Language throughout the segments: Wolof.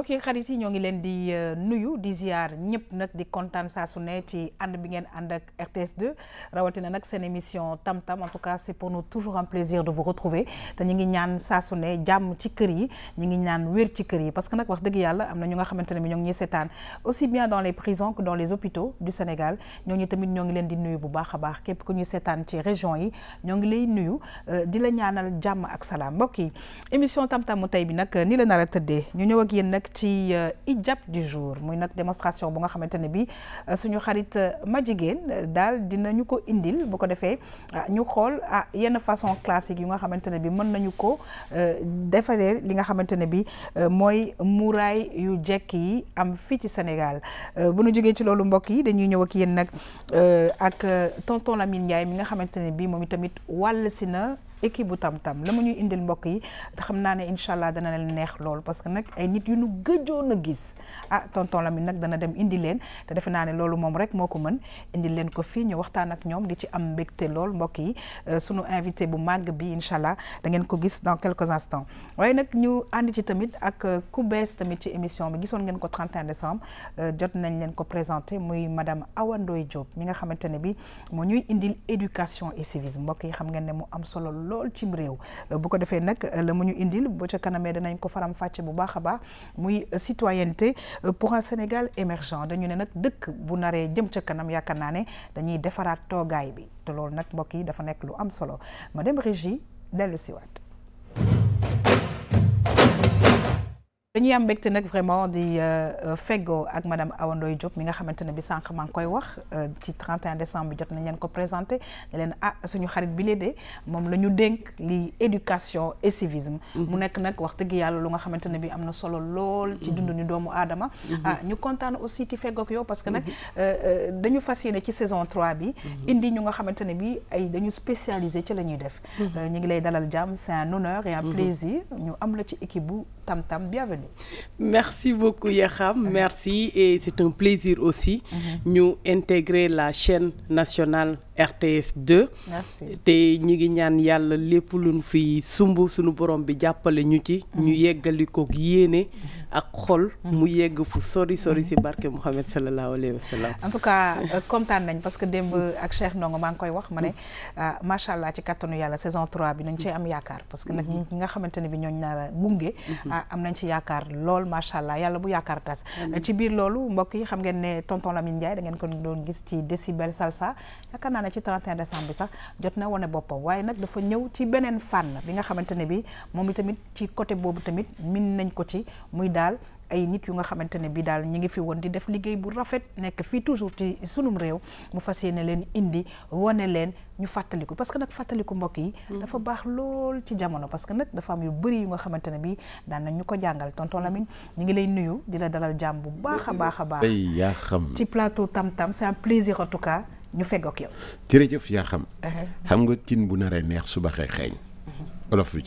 mbokk yi xarit yi ñoo ngi leen di euh, nuyu di ziar ñëpp nag di kontaan saa su ne ci ànd bi ngeen ànd ak RTS 2 rawatina nag seen émission Tam Tam en tout cas c'est pour nous toujours un plaisir de vous retrouver te ñu ngi ñaan saa su ne jàmm ci kër yi ñu ngi ñaan wér ci kër yi parce que nag wax dëgg yàlla am na ñu nga xamante ne bi ñoo ngi ñuy seetaan aussi bien dans les prisons que dans les hôpitaux du Sénégal ñooñu tamit ñoo ngi leen di nuyu bu baax a baax képp ku ñuy seetaan ci région yi ñoo ngi lay nuyu euh, di la ñaanal jàmm ak salaam mbokk yi émission Tam Tam mu tey bi nag euh, ni la nar a tëddee ñu ñëw ak yéen nag euh, du jour muy démonstration bu nga xamantene bi euh, suñu xarit euh, D'al dinañu ko indil bu ko ñu ah, yenn façon classique yu nga xamantene bi mën nañu ko li nga yu am ci Sénégal bu ñu joggé ci lolu mbokk yi dañuy ñëw ak tonton Lamine mi équipe tam tam ñuy indil mbokk yi xam naa ne inshallah neex lool parce que nag ay nit yu nu gëjoon a gis ah tonton dem te ne loolu rek mën ko ñu waxtaan ak di ci am lool mbokk yi euh, invité bu bi da ngeen ko gis dans quelques instants waaye nag ñu ànd ci tamit ak euh, ku tamit ci émission bi 31 décembre euh, jot nañ ko présenté muy madame Awa mi nga bi ñuy indil éducation et civisme mbokk yi xam ngeen ne mu lol cim rew bu ko defé nak euh, la mu indil bo ca kanamee danañ ko faram faccé bu baax ba muy euh, citoyenneté euh, pour un Sénégal émergent dañu né nak dëkk bu naré jëm ca kanam yaakaar né ne dañuy defaraat toogaay bi té lol nak mbokk yi dafa nek lu am solo ma dem régie dellu siwaat dañuy am mbégte nag vraiment di euh, euh, feggoo ak madame Awa Diop mi nga xamante ne bi sànq maa ngi koy wax euh, ci 31 décembre bi jot nañ leen ko présenté ne leen ah suñu xarit bi lee de moom la ñu dénk li éducation et civisme mhm. mu nekk nag wax dëgg yàlla lu nga xamante ne bi am na solo lool ci mhm. dund ñu doomu aadama mhm. ah ñu kontaan aussi ci feggoog yow parce que nag dañu fas ci saison 3 bi indi ñu nga xamante ne bi ay dañu spécialisé ci la ñuy def ñu ngi lay dalal jàmm c'est un honneur et un plaisir ñu am la ci équipe bu tam tam bienvenue Merci beaucoup Yakham, merci et c'est un plaisir aussi nous mhm. intégrer la chaîne nationale RTS 2 te ñi ngi ñaan Yalla lépp luñ fi sumbu suñu borom bi jappalé ñu ci ñu mhm. yeggali ko yéné mhm. ak xol mu yegg fu sori sori si barke Mouhamed sallallahu alayhi wa sallam en tout cas contane euh, nañ parce que demb ak Cheikh Ndongo mang koy wax ma ne mm-hmm. ah, allah ci kattanu yalla saison 3 bi nañ ci am yakar parce que nak mm-hmm. ñi nga xamanteni bi ñoo naa gungé mm-hmm. ah, am nañ ci yakar lool macha allah bu yakar tas ci bir loolu mbokk yi xam ngeen né tonton Lamine ndjay da ngeen ko doon gis ci décibel salsa yaakaar na ne ci 31 décembre bi sax jot na woné bopam waye nak dafa ñew ci benen fan bi nga xamanteni bi momi tamit ci côté bobu tamit min nañ ko ci muy daal ay nit yu nga xamante ne bi daal ñu ngi fi woon di def liggéey bu rafet nekk fii toujours ci sunum réew mu fas yéene leen indi wane leen ñu fàttaliku parce que nag fàttaliku mbokk yi mm. dafa baax lool ci jamono parce que nag dafa am yu bëri yu nga xamante ne bi daan nañ ñu ko jàngal tonton mm. Lamine ñu ngi lay nuyu di la dalal jàmm bu baax a baax a baax yaa xam ci plateau Tam Tam c'est un plaisir en tout cas ñu feggoog yow jërëjëf yaa xam uh-huh. xam nga tin bu naree neex suba xëy xeeñ uh-huh. olof bi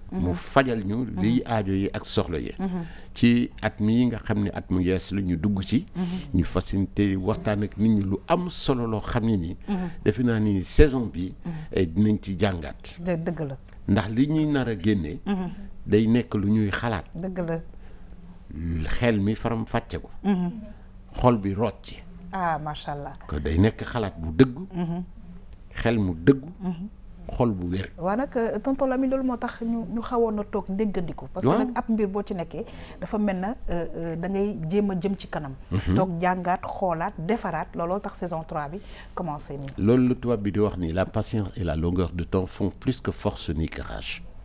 mu mhm. fajal ñu mhm. liy aajo yi ak soxla yi mhm. ci at mii nga xam ne at mu yees la ñu dugg ci ñu facilité waxtaan ak nit ñi lu am solo loo xam ne nii defe naa ni saison bi eh, dinañ ci jàngaat dëgg la ndax li ñuy nar a génne day nekk lu ñuy xalaat dëgg la xel mi faram fàcce ko xol bi root ci ah macha ko day nekk xalaat bu dëgg xel mu dëgg xol bu wér. wa nak euh, tonton lami loolu motax ñu ñu xawono tok toog parce que nak ab mbir bo ci nekké dafa mel euh, euh da ngay jema jëm ci kanam. Mhm. tok jàngaat xolaat défarat looloo tax saison 3 bi commencé ni loolu lu tubaab bi di wax ni la patience et la longueur de temps font plus que force ni courage.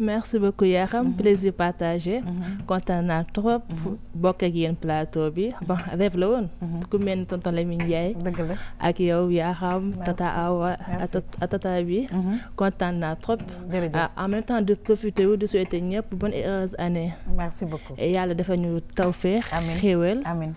merci beaucoup Yaram mhm. plaisir partagé kontaan mhm. à trop mhm. bokk ak yéen plateau bi bon rêve la woon ku mel ni tonton Lamine Ndiaye ak yow Yaram tata Awa tata bi kontaan naa trop ah, en même temps de profiter ou de souhaiter une bonne et heureuse année merci beaucoup et yàlla dafa ñu tawféex xéewal Amen.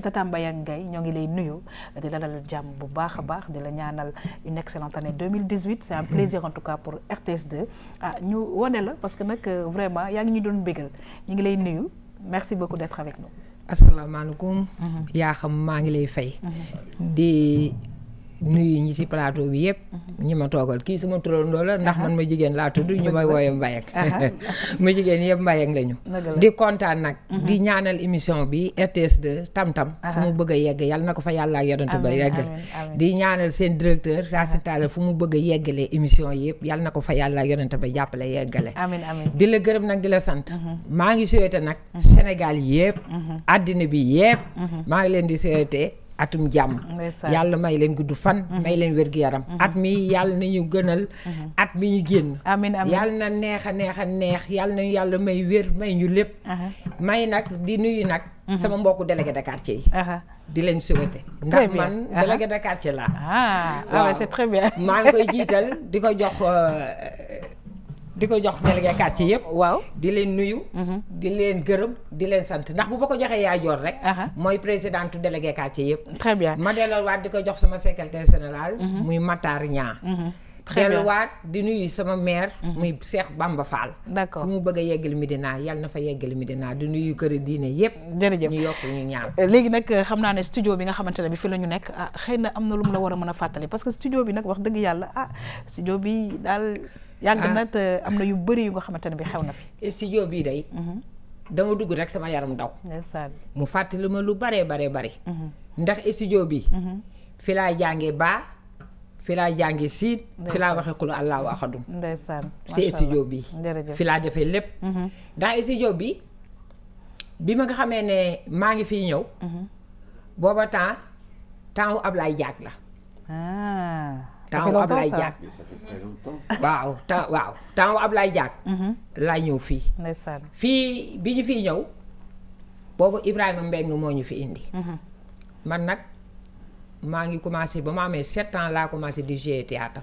Tata Mbayang nous ñoo ngi lay nuyu di la dalal jàmm bu baax a di la ñaanal une excellente année 2018 c'est un plaisir en tout cas pour RTS2 ah ñu wone la parce que nag euh, vraiment yaa ngi ñu doon bégal ñu ngi lay nuyu merci beaucoup d'être avec nous Assalamu alaikum, mhm. xam maa ngi lay fay mhm. di nuyu ñi si plateau bi yëpp. Mhm. ñi ma toogal kii suma turandoo la ndax man ma jigéen laa tudd ñu may wooye Mbayang. ma jigéen yëpp Mbayang lañu. di kontaan nag. Mhm. di ñaanal émission bi RTS de tam tam. fu mu bëgg a yegg yàlla na ko fa yàlla ak yonent ba yeggal. di ñaanal seen directeur. Racine fu mu bëgg a yeggalee émission yëpp yàlla na ko fa yàlla ak yonent ba jàppale yeggale. amiin di la gërëm nag di la sant. Mhm. maa ngi souhaité nag Sénégal yëpp. àddina bi yëpp. maa ngi leen di souhaité. atum jàmm yàlla may leen gudd fan mhm. may leen wér-gu-yaram mhm. at mi yàlla nañu gënal mhm. at mi ñu génn amiin amiin yàlla na neex a neex a neex yàlla nañu yàlla may wér may ñu lépp may nag di nuyu nag sama mbokku délégué de quartier yi di leen souhaité ndax man délégué de laa ah, ah, maa ngi koy jiital di ko jox euh, di ko jox délégué quartier yëpp. waaw di leen nuyu. Mhm. di leen gërëm di leen sant ndax bu ba ko joxee yaay joor rek. mooy présidente délégué quartier yëpp. très bien ma delluwaat di jox sama secrétaire général. Mhm. muy Matar Niang. Mhm. delluwaat di nuyu sama maire. muy Cheikh Bamba Fall. d'accord fu mu bëgg a yeggal Medina yàlla na fa yeggal Medina di nuyu kër diine yépp jërëjëf ñu yokk ñu ñaan. Euh, léegi nag euh, xam naa ne studio bi nga xamante ne bi fi la ñu nekk ah xëy na am na lu mu la war a mën a fàttali parce que studio bi nag wax dëgg yàlla ah, yàgg ah. na te am na yu bëri yu nga xamante ne bi xew na fi. studio bii day. Mhm. dama dugg rek sama yaram ndaw mu fàttali ma lu baree baree bari. Mhm. ndax studio bi mhm. fi laa jàngee baa fi laa jàngee siin. waxee kulu allahu axadum. ndeysaan si bi fi laa defee lépp. ndax studio bi bi ma nga xamee ne maa ngi fii ñëw. booba temps temps wu Ablaye Diack la. Ah. temps Ablaye Diak waaw temps waaw temps Ablaye Diak mhm. laa ñëw fii fii bi ñu fii ñëw boobu Ibrahima Mbengue moo ñu fi indi mhm. man nag maa ngi commencé ba ma amee sept ans laa commencé di jouer théâtre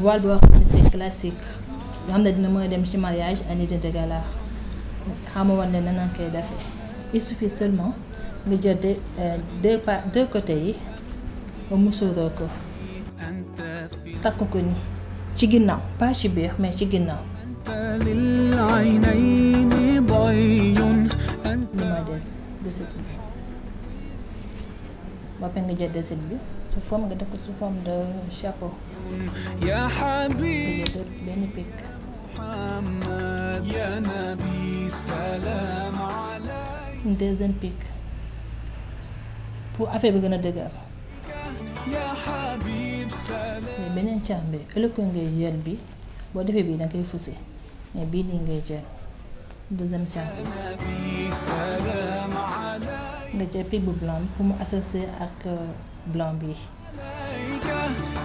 voile boo xam ne c'est classique xam ne dina mën dem ci mariage ani de gala xamoo woon ne nan koy defee il suffit seulement nga jël deux euh, pas deux côtés yi ba musuroo ko takk ko ni ci ginnaw pas ci biir mais ci ginnaw li ma des desit bi ba pare nga jël bi su forme nga def ko su forme de chapeau يا حبيبي محمد يا pic pour affaire bi gën a dëgër mais beneen càmm bi ngay jël bi boo defee bii da ngay fuse mais bii nii ngay jël nga jël pic bu blanc pour mu associer ak euh, blanc bi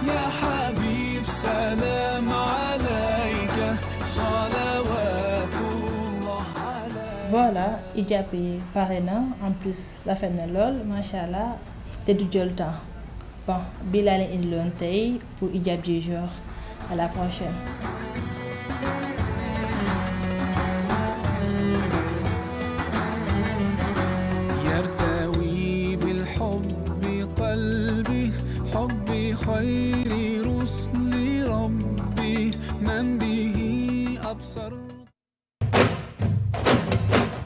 « Ya Habib, salam alayka, salawatullah alayka » Voilà, j'ai appris à en plus la appris à parler. Masha'Allah, c'est tout le temps. Bon, je vais aller à l'école pour apprendre du jour. À la prochaine. خير رسل ربي من به أبصر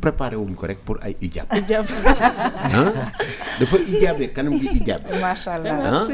préparé wuñ ko rek pour ay ijaab. ijaab dafa ijaabee kanam gi ijaabee. macha allah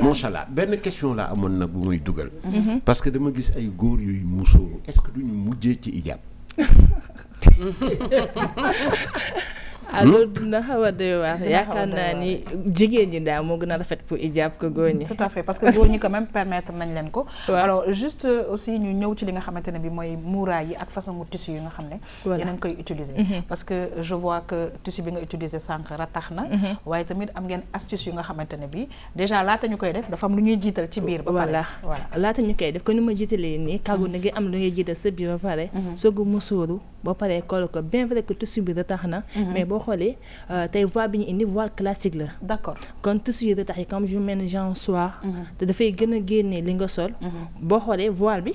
macha allah benn question laa amoon nag bu muy dugal. Mhm. parce que dama gis ay góor yooyu musóoru est-ce que duñu mujjee ci ijaab. alors ah, hmm? dina xaw a doy waar yaakaar naa ni jigéen ñi daal moo gën a rafet pour ijaab ko góor ñi tout à fait parce que góor ñi quand même permettre nañ leen ko juste euh, aussi ñu ñëw ci li nga xamante ne bi mooy muuraay yi ak façon tissu yi nga xam ne yéen a ngi koy mm-hmm. que je vois que tissu bi nga utiliser sànq ratax na mm-hmm. waaye tamit am ngeen astuce yu nga xamante ne bi déjà laata ñu koy def dafa am lu ñuy jiital ci biir ba pare voilà laata ñu koy def ko ni ma jiitalee nii kàggu mm-hmm. na ngi am lu ngay jiital sa biir ba pare soogu musóoru ba pare kol ko boo euh, tay voix bi ni indi voix classique la. d'accord kon tout suite retax yi comme je mène genre soir. Mhm. te da fay gëna génne li nga sol. Mhm. boo voix bi.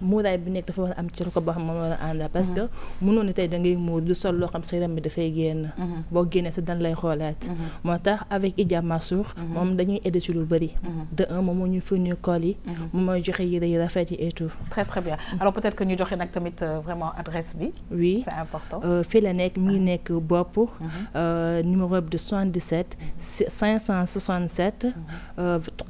muuraay bi nekk dafa war am ci ko boo xam moom war parce que mënoon mhm. na tey da ngay muur du sol loo xam sa yaram bi dafay génn mhm. boo génnee sa dan lay xoolaat mhm. moo tax avec Idja Massour moom dañuy aider ci lu bëri de un moom moo ñuy fournir kool yi moom mooy joxe yére yi rafet yi et tout très très bien alors peut-être que ñu joxe nag tamit euh, vraiment adresse bi oui c'est important euh, fii la nekk mi ngi ah. nekk bopp euh, numéro de 77 567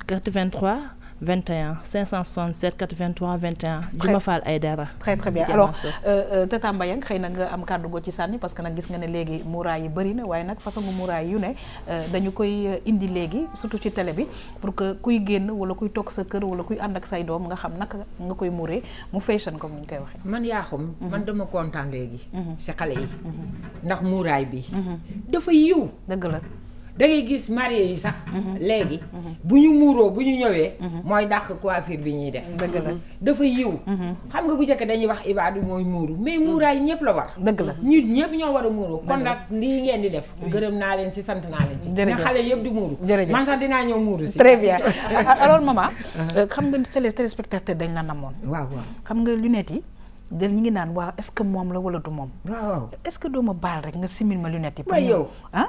83 21 567 83 21. Dima Fall Aïdara. très très bien alors euh, euh, Tata Mbayang xëy na nga am kàddu goo ci sànni parce que nag gis nga ne léegi muuraay yi bëri na waaye nag façon muuraay yu ne euh, dañu koy indi léegi surtout ci télé bi pour que kuy génn wala kuy toog sa kër wala kuy ànd ak say doom nga xam naka nga koy muuree mu fashion ko mu ñu koy waxee. man yaaxum mhm. man dama kontaan léegi. si mhm. xale yi. Mhm. ndax muuraay bi. dafa yiw dëgg la. da ngay gis marié yi sax. Mhm. Mhm. légui mhm. buñu ñu buñu bu moy dakk coiffure bi ñuy def. deug la dafa yiw. xam nga bu njëkk dañuy wax ibadu moy muuru mais muuraay ñëpp la war. deug la ñun ñëpp ñoo wara a kon nak li ngeen di def. gëreem na leen ci sant na leen ci. jërëjëf xalé yëpp di muuru. man sax dina ñëw muuru ci très bien ah, ah, alors mama uh-huh. euh, xam nga ci les téléspectateurs dañ la namoon. waaw waaw xam nga lunettes yi. dal ñi ngi naan waaw est-ce que mom la wala du mom waaw est-ce que do ma bal rek nga simil ma lunettes yi. pour yow ah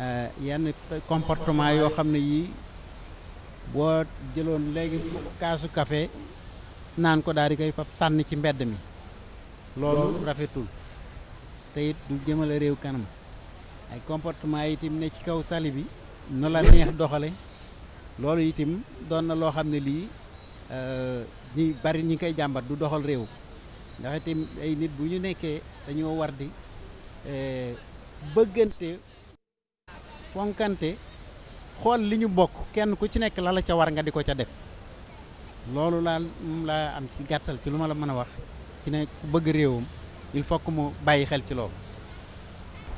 Euh, yenn comportement yoo xam ne yii boo jëloon léegi kaasu kafe naan ko daal di koy fab sànni ci mbedd mi loolu rafetul te du jëmale réew kanam ay comportement itim ne ci kaw tali bi nu la neex doxale loolu itim doon na loo xam ne lii euh, ñi bari ñi koy jàmbat du doxal réew ndax itam ay nit bu ñu nekkee dañoo war di euh, bëggante fonkante xool li ñu bokk kenn ku ci nek la la ca war nga diko ca def loolu laa moom laa am ci gàttal ci luma la mëna wax ci ne ku bëgg réewam il faut que mu bayyi xel ci lolu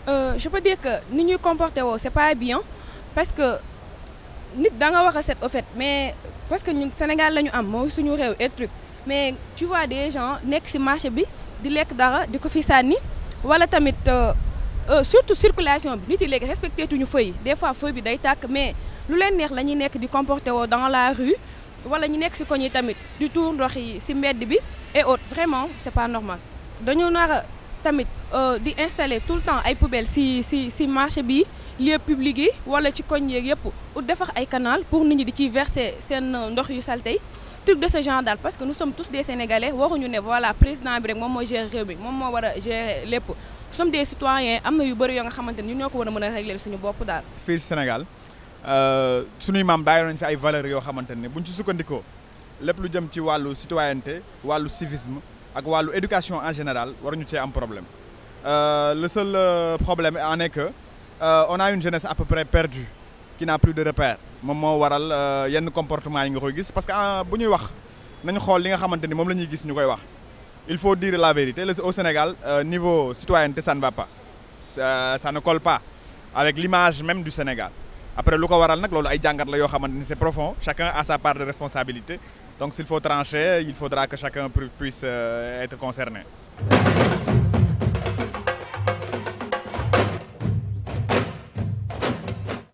euh je peux dire que ni ñuy comporté wo c'est pas bien parce que nit da nga waxa set au fait mais parce que ñun Sénégal lañu am mooy suñu réew et truc mais tu vois des gens nek ci marché bi di lek dara di ko fi sànni wala tamit. Euh, euh, surtout circulation bi nit yi respecté tuñu feuy des fois feuy bi day tak mais lu leen neex lañuy nekk di comporté dans la rue wala ñu nekk si koñ yi tamit di tour ndox yi si mbedd bi et autres vraiment c'est pas normal dañu nar a tamit euh, di installer tout le temps ay poubelles si si si marché bi lieu public yi wala ci koñ yeeg yëpp ut defax ay canal pour nit ñi di ci verser seen euh, ndox yu salte yi truc de ce genre daal parce que nous sommes tous des sénégalais waruñu ne voilà président bi rek moom mooy gérer réew mi moom moo war a gérer lépp nous sommes des citoyens amna yu bëri yo nga xamante ni ñun ñoo ko war régler suñu bop dal. fii Sénégal euh suñu mam bayu nañ fi ay valeurs yo xamante buñ ci sukkandikoo lepp lu jëm ci walu citoyenneté walu civisme ak walu éducation en général waruñu cee am problème Euh, le seul euh, problème en est que euh, on a une jeunesse à peu près perdue qui n'a plus de repères moom moo waral euh, yenn comportement yi nga koy gis parce que ah, bu ñuy wax nañu xool li nga xamante ni moom la ñuy gis ñu koy wax il faut dire la vérité. Au Sénégal, euh, niveau citoyenneté, ça ne va pas. Ça, ne colle pas avec l'image même du Sénégal. Après, c'est profond. Chacun a sa part de responsabilité. Donc, s'il faut trancher, il faudra que chacun puisse euh, être concerné.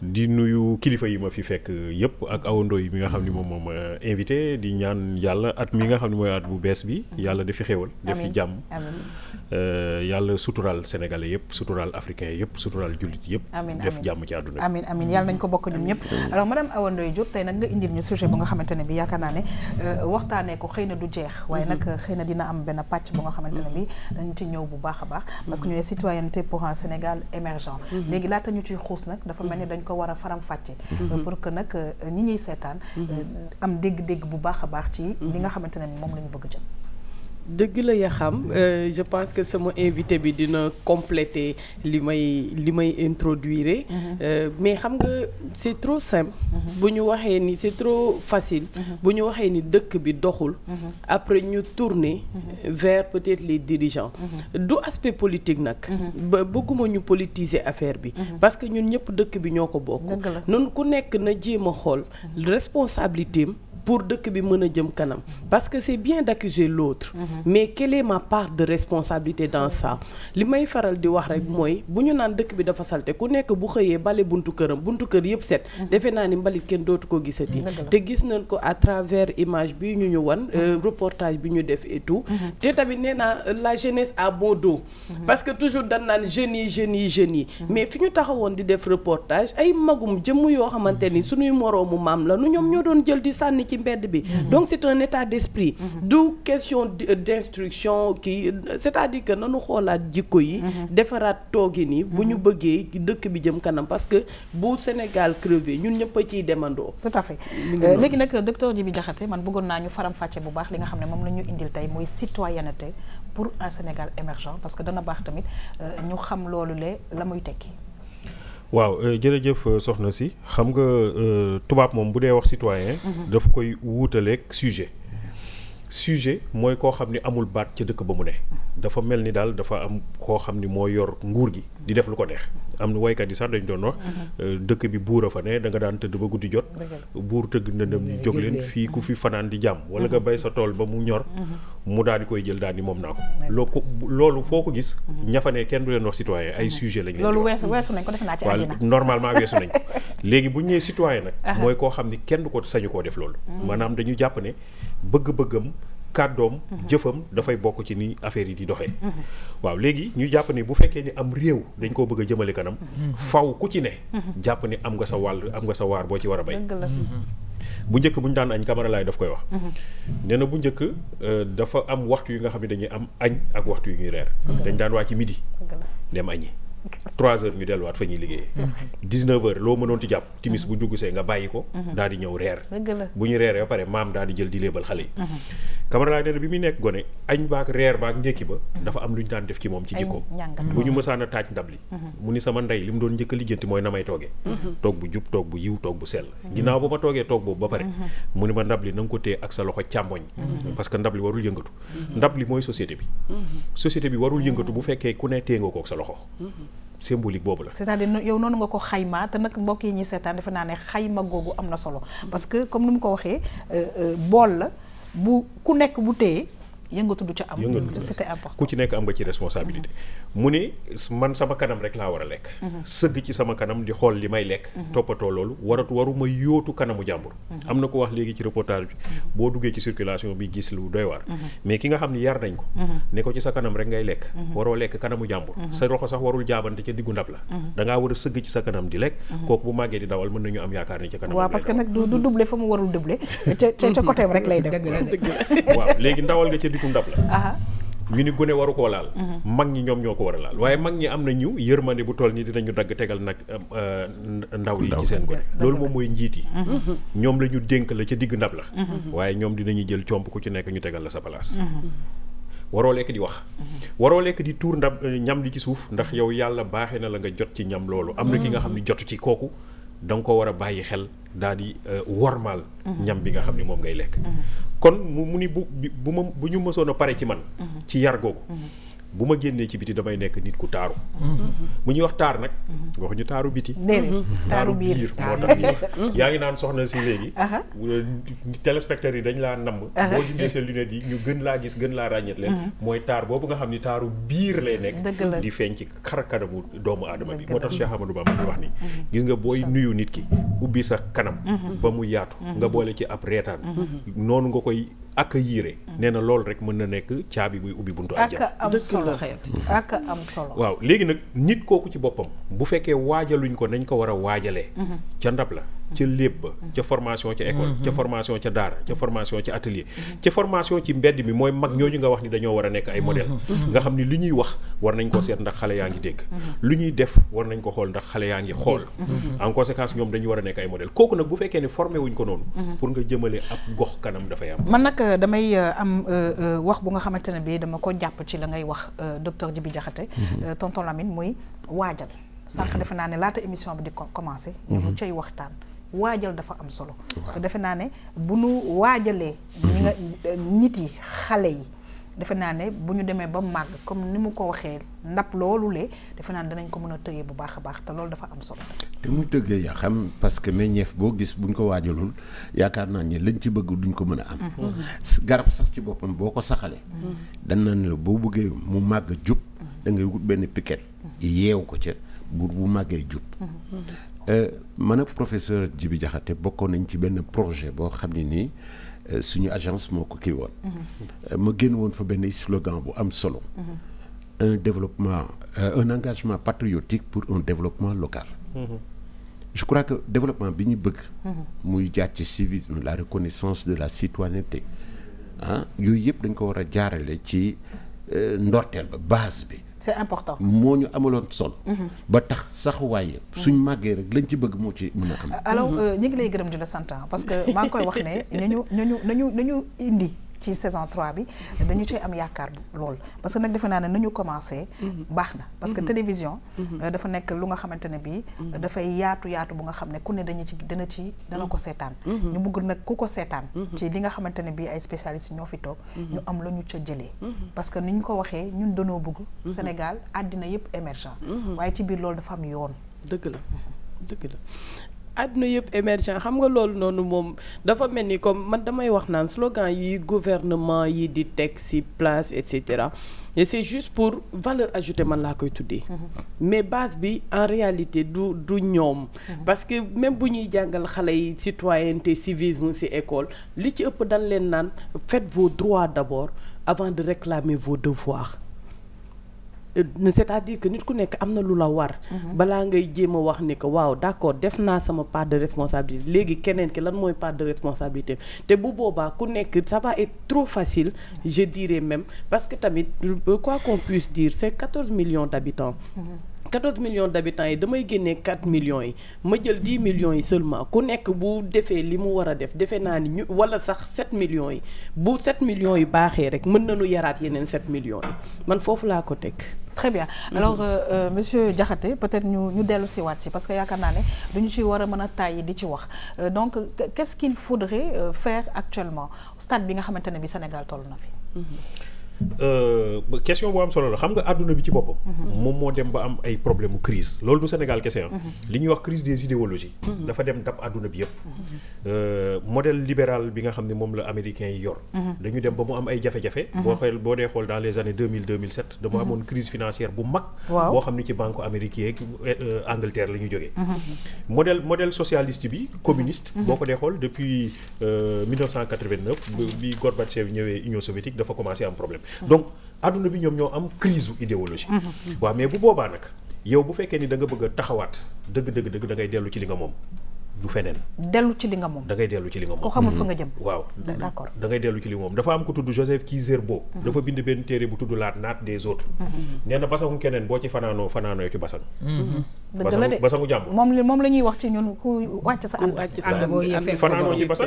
di nuyu kilifa yi ma fi fekk yépp ak awandoo yi mi nga xam ni mm. moom moom invité di ñaan yàlla at mi nga xam ne mooy at bu bees bi mm-hmm. yàlla dafi xéewal dafi jàmm euh, yàlla suturaal sénégalais yépp suturaal africain yépp suturaal jullit yépp def jàmm ci àdduna amin amin yàlla nañ ko bokk ñoom ñëpp mm-hmm. alors madame awandooy Diop tey nag nga indil ñu sujet bu nga xamante ne bi yaakaar naa ne euh, waxtaanee ko xëy na du jeex mm-hmm. waaye nag xëy na dina am benn pàcc bu nga xamante ne bi dañ ci ñëw bu baax a baax parce que ñu ne citoyenneté pour un Sénégal émergent léegi laata ñu ci xuus nag dafa mel ni dañ ko war a faram-fàcce mhm. euh, pour que nag euh, ñi ñuy seetaan mhm. euh, am dégg-dégg bu baax a baax ci mhm. li nga xamante ne moom la ñu bëgg jëm dëgg la ya xam euh, je pense que sama invité bi dina compléter li may li may introduire. Mm-hmm. Euh, mais xam nga c'est trop simple. Mm-hmm. bu ñu waxee ni c'est trop facile. Mm-hmm. bu ñu waxee ni dëkk bi doxul. après ñu tourner. vers peut-être les dirigeants. du aspect politique nag. ba bëgguma ñu politiser affaire bi. parce que ñun ñëpp dëkk bi ñoo ko bokk. noonu ku nekk na jéem a xool pour dëkk bi mën a jëm kanam parce que c'est bien d'accuser l'autre mhm. mais quelle est ma part de responsabilité dans ça li may faral di wax rek mooy bu ñu naan bi dafa salte ku nekk bu xëyee bale buntu këram buntu kër yëpp set mhm. defe naa ni mbalit kenn dootu ko gisati te gis nañ ko à travers image bi ñu ñu wan euh, mhm. reportage bi ñu def et tout te tamit nee euh, la jeunesse à bon dos parce que toujours dañ naan génie génie génie mais fi ñu di def reportage ay magum jëmm yoo xamante suñuy moroomu maam la nu ñoom ñoo doon jël di sànni ci mbedd bi donc c'est un état d'esprit d'où question euh, d'instruction qui euh, c'est-à-dire que nañu xoolaat jikko yi défarat toogin ni buñu bëggé bëggee dëkk bi jëm kanam parce que bu Sénégal crevé ñun ñëpp ci ciy tout à fait que euh, nak docteur Djibi Diakhaté man bëggon naa ñu faram fàcce bu baax li nga xamné mom lañu indil tay moy citoyenneté pour un Sénégal émergent parce que dana baax tamit ñu xam loolu le la muy tekki waaw euh, jërëjëf euh, soxna si xam nga euh, tubaab moom bu dee wax citoyen mhm. daf koy wuutaleeg sujet sujet mooy koo xam ni amul baat ca dëkk ba mu ne dafa mel ni daal dafa am koo xam ni moo yor nguur gi di def lu ko neex am na waykat yi sax dañ doon wax mhm. euh, dëkk bi buur a fa da nga daan tëdd ba guddi jot buur tëgg ndëndam ñu jóg leen fii ku fi fanaan di jàmm wala nga mhm. bay sa tool ba mu ñor mhm. mu daal di koy jël daal ni moom naa loo ko loolu foo ko gis ñafa ne kenn du leen wax citoyen ay sujet lañ loolu weesu weesu nañ ko def naa ci àddina nañ ko léegi bu ñu nee citoyen nag mooy koo xam ni kenn du ko sañu koo def loolu maanaam dañu jàpp ne bëgg-bëggam mhm. jëfëm da fay bokk ci ni affaire yi di new mhm. waaw légui ñu japp ni bu fekkee ni am réew dañ ko bëgg jëmele kanam mhm. faaw ku ci ne japp ni am nga sa wal am nga sa war bo ci war bay bu ñëk bu ñu daan añ Camara lay daf koy wax nee na bu ñëk euh, dafa am waxtu yi nga xamni dañuy am añ ak waxtu yi ñuy rër dañ daan wa ci midi dem añi trois heures ñu delluwaat fa ñuy liggéeyee. dix loo mënoon ci jàpp timis bu juggu see nga bàyyi ko. Mhm. daal di ñëw reer. bu ñu reeree ba pare maam daal di jël di léebal xale yi. Mhm. Camara laay nee na bi muy nekk gone añ baak reer baak ndékki ba. Mhm. dafa am lu ñu daan def ci moom ci jikkoom. bu ñu mësaan a taaj ndab li. mu ni sama ndey li mu doon njëkk lijjanti mooy na may toogee. toog bu jub toog bu yiw toog bu sell. ginnaaw ba ma toogee toog boobu ba pare. mu ni ma sa loxo càmmoñ. parce que ndab li warul yëngatu. ndab li mooy société bi. bi warul yëngatu bu fekkee ku ne téye symbolique boobu la. c'est-à-dire yow noonu nga ko xayma te nag mbokk yi ñuy seetaan defe naa ne xayma googu am na solo mm-hmm. parce que comme ni mu ko waxee euh, euh, bool la bu ku nekk bu téye. yëngatu du ca am c'était important ku ci nekk am nga ci responsabilité mm-hmm. mu ne man sama kanam rek laa war a lekk mm-hmm. sëgg ci sama kanam di xool li may lekk mm-hmm. toppatoo loolu waratu waruma yóotu kanamu jàmbur am na ko wax léegi ci reportage bi boo duggee ci circulation bi gis lu doy waar mais ki nga xam ne yar nañ ko ne ko ci sa kanam rek ngay lekk waroo lekk kanamu jàmbur sa loxo sax warul jaabante ca diggu ndab la da ngaa war a sëgg ci sa kanam di lekk kooku bu màggee di dawal mën nañu am yaakaar ni ca kanam waaw parce que nag du doublé fa mu warul doublé ca ca côté rek lay dem waaw léegi ndawal nga ca yëkkatiku ndab la ñu ni gone waru koo laal mhm. mag ñi ñoom ñoo ko war a laal waaye mag ñi am na ñu yërmande bu toll ni dinañu dagg tegal nag euh, euh, ndaw yi ci seen gone loolu moom mooy njiit yi mhm. Mhm. ñoom la ñu dénk la ca digg ndab la waaye ñoom dinañu jël comp ku ci nekk ñu tegal la sa place waroo lekk di wax waroo lekk di tuur ndab euh, ñam li ci suuf ndax yow yàlla baaxee na la nga jot ci ñam loolu am na ki nga xam ne jot ci kooku da ko war a bàyyi xel daal di euh, wormaal. Mhm. ñam bi nga xam ni moom ngay lekk. Mhm. kon mu mu ni bu bu ma bu ñu mësoon a pare ci man. Mhm. ci yar googu. bu ma génnee ci biti damay nekk nit ku taaru mm-hmm. bu ñuy wax taar nag waxuñu taaru biti taaru biir moo tax yaa ngi naan soxna si léegi téléspectateurs yi dañ laa namm boo jëndee sa lunette yi ñu gën laa gis gën laa ràññet leen mm-hmm. boobu nga xam ni taaru biir lay nekk di feeñ ci xarakanamu doomu aadama bi moo tax Cheikh Amadou Bamba di wax ni mm-hmm. gis nga booy nuyu nit ki ubbi sa kanam ba mu yaatu nga boole ci ab reetaan noonu nga koy accueillir nee na loolu rek mën na nekk caabi buy ubbi buntu ak jàmm solo ak am solo waaw léegi nag nit kooku ci boppam bu fekkee waajaluñ ko nañ ko war a waajale mhm. ca ndab la ci lepp ci formation ci école ci mhm. formation ci dar ci mhm. formation ci atelier mhm. ci formation ci mbedd mi moy mag ñoñu nga wax ni dañoo wara nek ay modèle nga xamni ni li ñuy wax war nañ ko sét ndax xalé yaangi dégg lu ñuy def war nañ ko xol ndax xalé yaangi xol en conséquence ñom dañu wara nek ay modèle koku nak bu ni formé wuñ ko non pour nga jëmele ab gox kanam dafay am man nak euh, damay euh, am euh, wax bu nga xamantene bi dama ko japp ci la ngay wax docteur Djibi Diakhaté tonton Lamine moy wajal sànq defe ni ne émission bi di commencer ñu waajal dafa am solo te defe naa ne bu nu waajalee mhm. eh, nit yi xale yi defe naa ne bu ñu demee ba màgg comme ni mu ko waxee ndab loolu le defe naa ne danañ ko mën a tëggee bu baax a baax te loolu dafa am solo te muy tëggee yaa xam parce que meññeef boo gis buñ ko waajalul yaakaar naa ne lañ ci bëgg duñ ko mën a am mhm. garab sax ci boppam boo ko saxalee mhm. dan naan la boo bëggee mu màgg jub da ngay wut benn piquet yeew ko ca buur bu màggee jub Euh, man ak professeur Djibi Diakhaté beaucoup nañ ci benn projet boo xam ne nii euh, suñu agence moo qui est woon. Mhm. Euh, ma génn woon fa benn slogan bu am solo. Mhm. un développement un engagement patriotique pour un développement local. Mhm. je crois que développement bi ñu bëgg. muy civisme la reconnaissance de la citoyenneté Il y a dañ ko war a jaarale ci ndortel ba base bi. c'est important moo ñu amaloon solo. Mhm. ba tax sax waye suñ màggee rek lañ ci bëgg mo ci mëna a am. alors mhm. euh, ñu ngi lay gërëm dina la hein, parce que ma ngi koy wax né ñu ñu ñu ñu indi. ci saison trois bi dañu cee am yaakaar bu lool parce que nag defe naa ne nañu commencé mhm. baax na parce que mhm. télévision mhm. Euh, dafa nekk lu nga xamante ne bii dafay yaatu yaatu bu nga xam ne ku ne dañu ci dina ci dana ko seetaan ñu bëgg nag ku ko seetaan ci li nga xamante ne bii ay spécialistes ñoo fi toog ñu am la ñu ca jëlee parce que ni ñu ko waxee ñun danoo bëgg Sénégal àddina yëpp émergent waaye ci biir loolu dafa am yoon dëgg la dëgg la àdduna yep émergent xam nga lolou noonu mom dafa melni comme man damay wax nan slogan yi gouvernement yi di tek ci place et cetera et c'est juste pour valeur ajoutée man la koy tuddé mhm. mais base bi en réalité du du ñom mhm. parce que même buñuy ñuy jàngal xale yi citoyenneté civisme ci école li ci ëpp dañ leen nan faites vos droits d'abord avant de réclamer vos devoirs. Euh, c'est-à-dire que nous, ne mhm. que pas avons nous avons dit que d'accord part de responsabilité les gens qui part de responsabilité ça va être trop facile je dirais même parce que euh, quoi qu'on puisse dire c'est 14 millions d'habitants. Mhm. 14 millions d'habitants yi damay gagner 4 millions yi ma 10 millions seulement Si nekk bu defee li mu def 7 millions yi bu 7 millions yi baaxee rek mën nañu 7 millions man foofu la ko très bien mm-hmm. alors euh, euh, monsieur Diakhaté peut-être nous nous devons aussi parce qu'il y a ne année, nous nous a mën a nous di euh, donc qu'est-ce qu'il faudrait faire actuellement au stade de la Sénégal euh, question bu am solo la xam nga aduna bi ci boppam. Mhm. moom moo dem ba am ay problème crise loolu du Sénégal kese ah. Mhm. li ñuy wax crise des idéologies mhm. dafa dem dab aduna bi yëpp. Euh, modèle libéral bi nga xam ne moom la américain yi yor. dañu dem ba mu am ay jafe-jafe. boo xool boo dee xool dans les années 2000 2007 dama amoon crise financière bu mag. boo xam ne ci banque américain yeeg euh, Angleterre la ñu jógee. modèle modèle socialiste bi communiste. boo ko dee xool depuis 1989 bi Gorbatchev ñëwee Union soviétique dafa commencé am problème. donc adduna bi ñoom ñoo am crise u mhm. waa mais bu boobaa nag yow bu fekkee ni danga nga a taxawaat dëgg dëgg dëgg dellu ci li nga moom du feneen. dellu ci li nga moom da dellu ci li nga moom. ko xamul fa nga mm-hmm. jëm. waaw d' accord da ngay dellu ci li moom dafa am ko tudd Joseph Kizerbo. Mm-hmm. dafa bind benn téere bu tudd laat naat des autres. Mm-hmm. nee na keneen boo ci fanaanoo ci basang. dëgg la de basangu wax ci ñun ku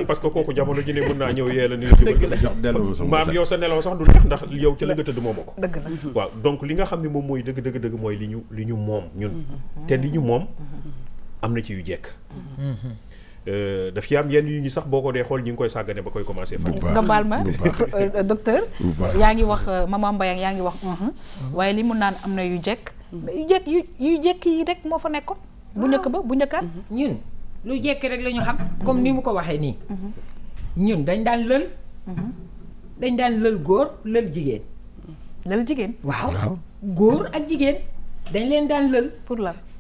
parce que kooku jamono ji mën naa ñëw yee la ni la jubal maam yow sa nelaw sax du neex ndax yow ci la nga tëdd moomoo ko. dëgg la waaw donc li nga xam ne moom mooy dëgg dëgg dëgg mooy li ñu li ñu am na ci yu jekk. Mm-hmm. Euh, daf ci am yenn yu ñu sax boo ko dee xool ñu ngi koy sàggane ba koy commencé. bu baax nga baal ma euh, euh, docteur. yaa ngi wax maman Mbayang yaa ngi wax. Uh-huh. Mm-hmm. waaye li mu naan am na yu jekk. Mm-hmm. yu jekk yu yu jekk yi rek moo fa nekkoon. bu njëkk ba bu njëkkaat. ñun lu jekk rek la ñu xam. comme ni mu ko waxee nii. ñun dañ daan lël. dañ daan lël góor lël jigéen. lël jigéen. waaw góor ak jigéen. dañ leen daan lël pour la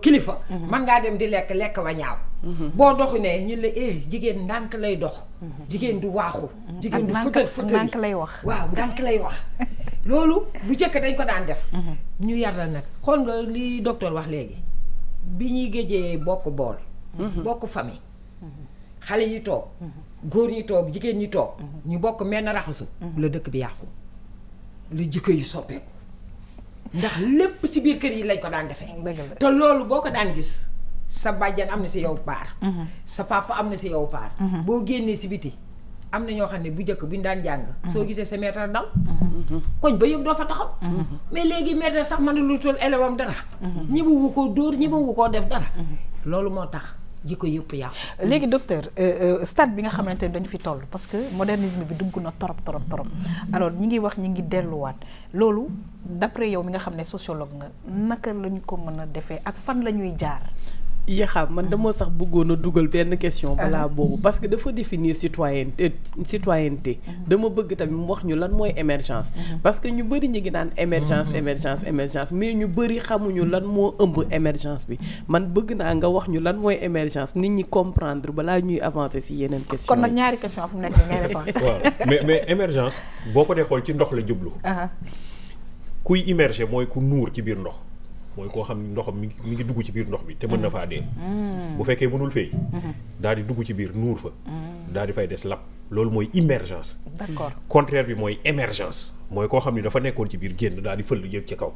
kilifa. man mhm. ngaa dem di lekk lekk wa ñaaw. Mhm. boo doxu ne ñu la eh jigéen ndànk lay dox. Mhm. jigéen du waaxu. jigéen du fëtër fëtër ndànk wax. waaw ndànk lay wax loolu bu jëkk dañ ko daan def. ñu yàlla nag xool nga li docteur wax léegi bi ñuy géejee bokk bool. bokk famille. xale yi toog. góor ñi toog jigéen ñi toog. ñu bokk menn raxasu. la dëkk bi yàqu. la jikko yu soppeeku. ndax lépp si biir kër yi lañ ko daan defee. te loolu boo ko daan gis sa bàjjan am na si yow paar. Mhm. sa papa am na si yow paar. Mhm. boo génnee si biti am na ñoo xam ne bu njëkk bu ñu daan jàng. Mhm. soo gisee sa maître daw. koñ ba yëpp doo fa taxaw. mais léegi maître sax mënul lu toll élève am dara. ñi bu ko dóor ñi bu koo def dara. loolu moo tax. jikko yëpp yàqu. léegi docteur euh, euh, stade bi nga xamante ne dañu fi toll parce que modernisme bi dugg na torop torop torop alors ñi ngi wax ñi ngi delluwaat loolu d'après yow mi nga xam ne sociologue nga naka la ko mën a ak fan la jaar. Je ne sais pas si vous a question ah. parce que faut définir la citoyenneté mhm. dama bëgg une émergence mhm. parce que nous avons une émergence mhm. émergence émergence mais ñu avons une émergence bi man une émergence comprendre avant avancer si question kon question mais mais émergence boo ko dee la uh-huh moy ko xamni ndoxam mi ngi dugg ci biir ndox bi te mën na faa dee mm. bu fekkee mënul fay mm-hmm. daal di dugg ci biir nuur fa mm. daal di fay des lab loolu mooy immergence d'accord contraire bi mooy émergence moy ko xamni dafa nekkon ci biir genn daal di feul yeek ci kaw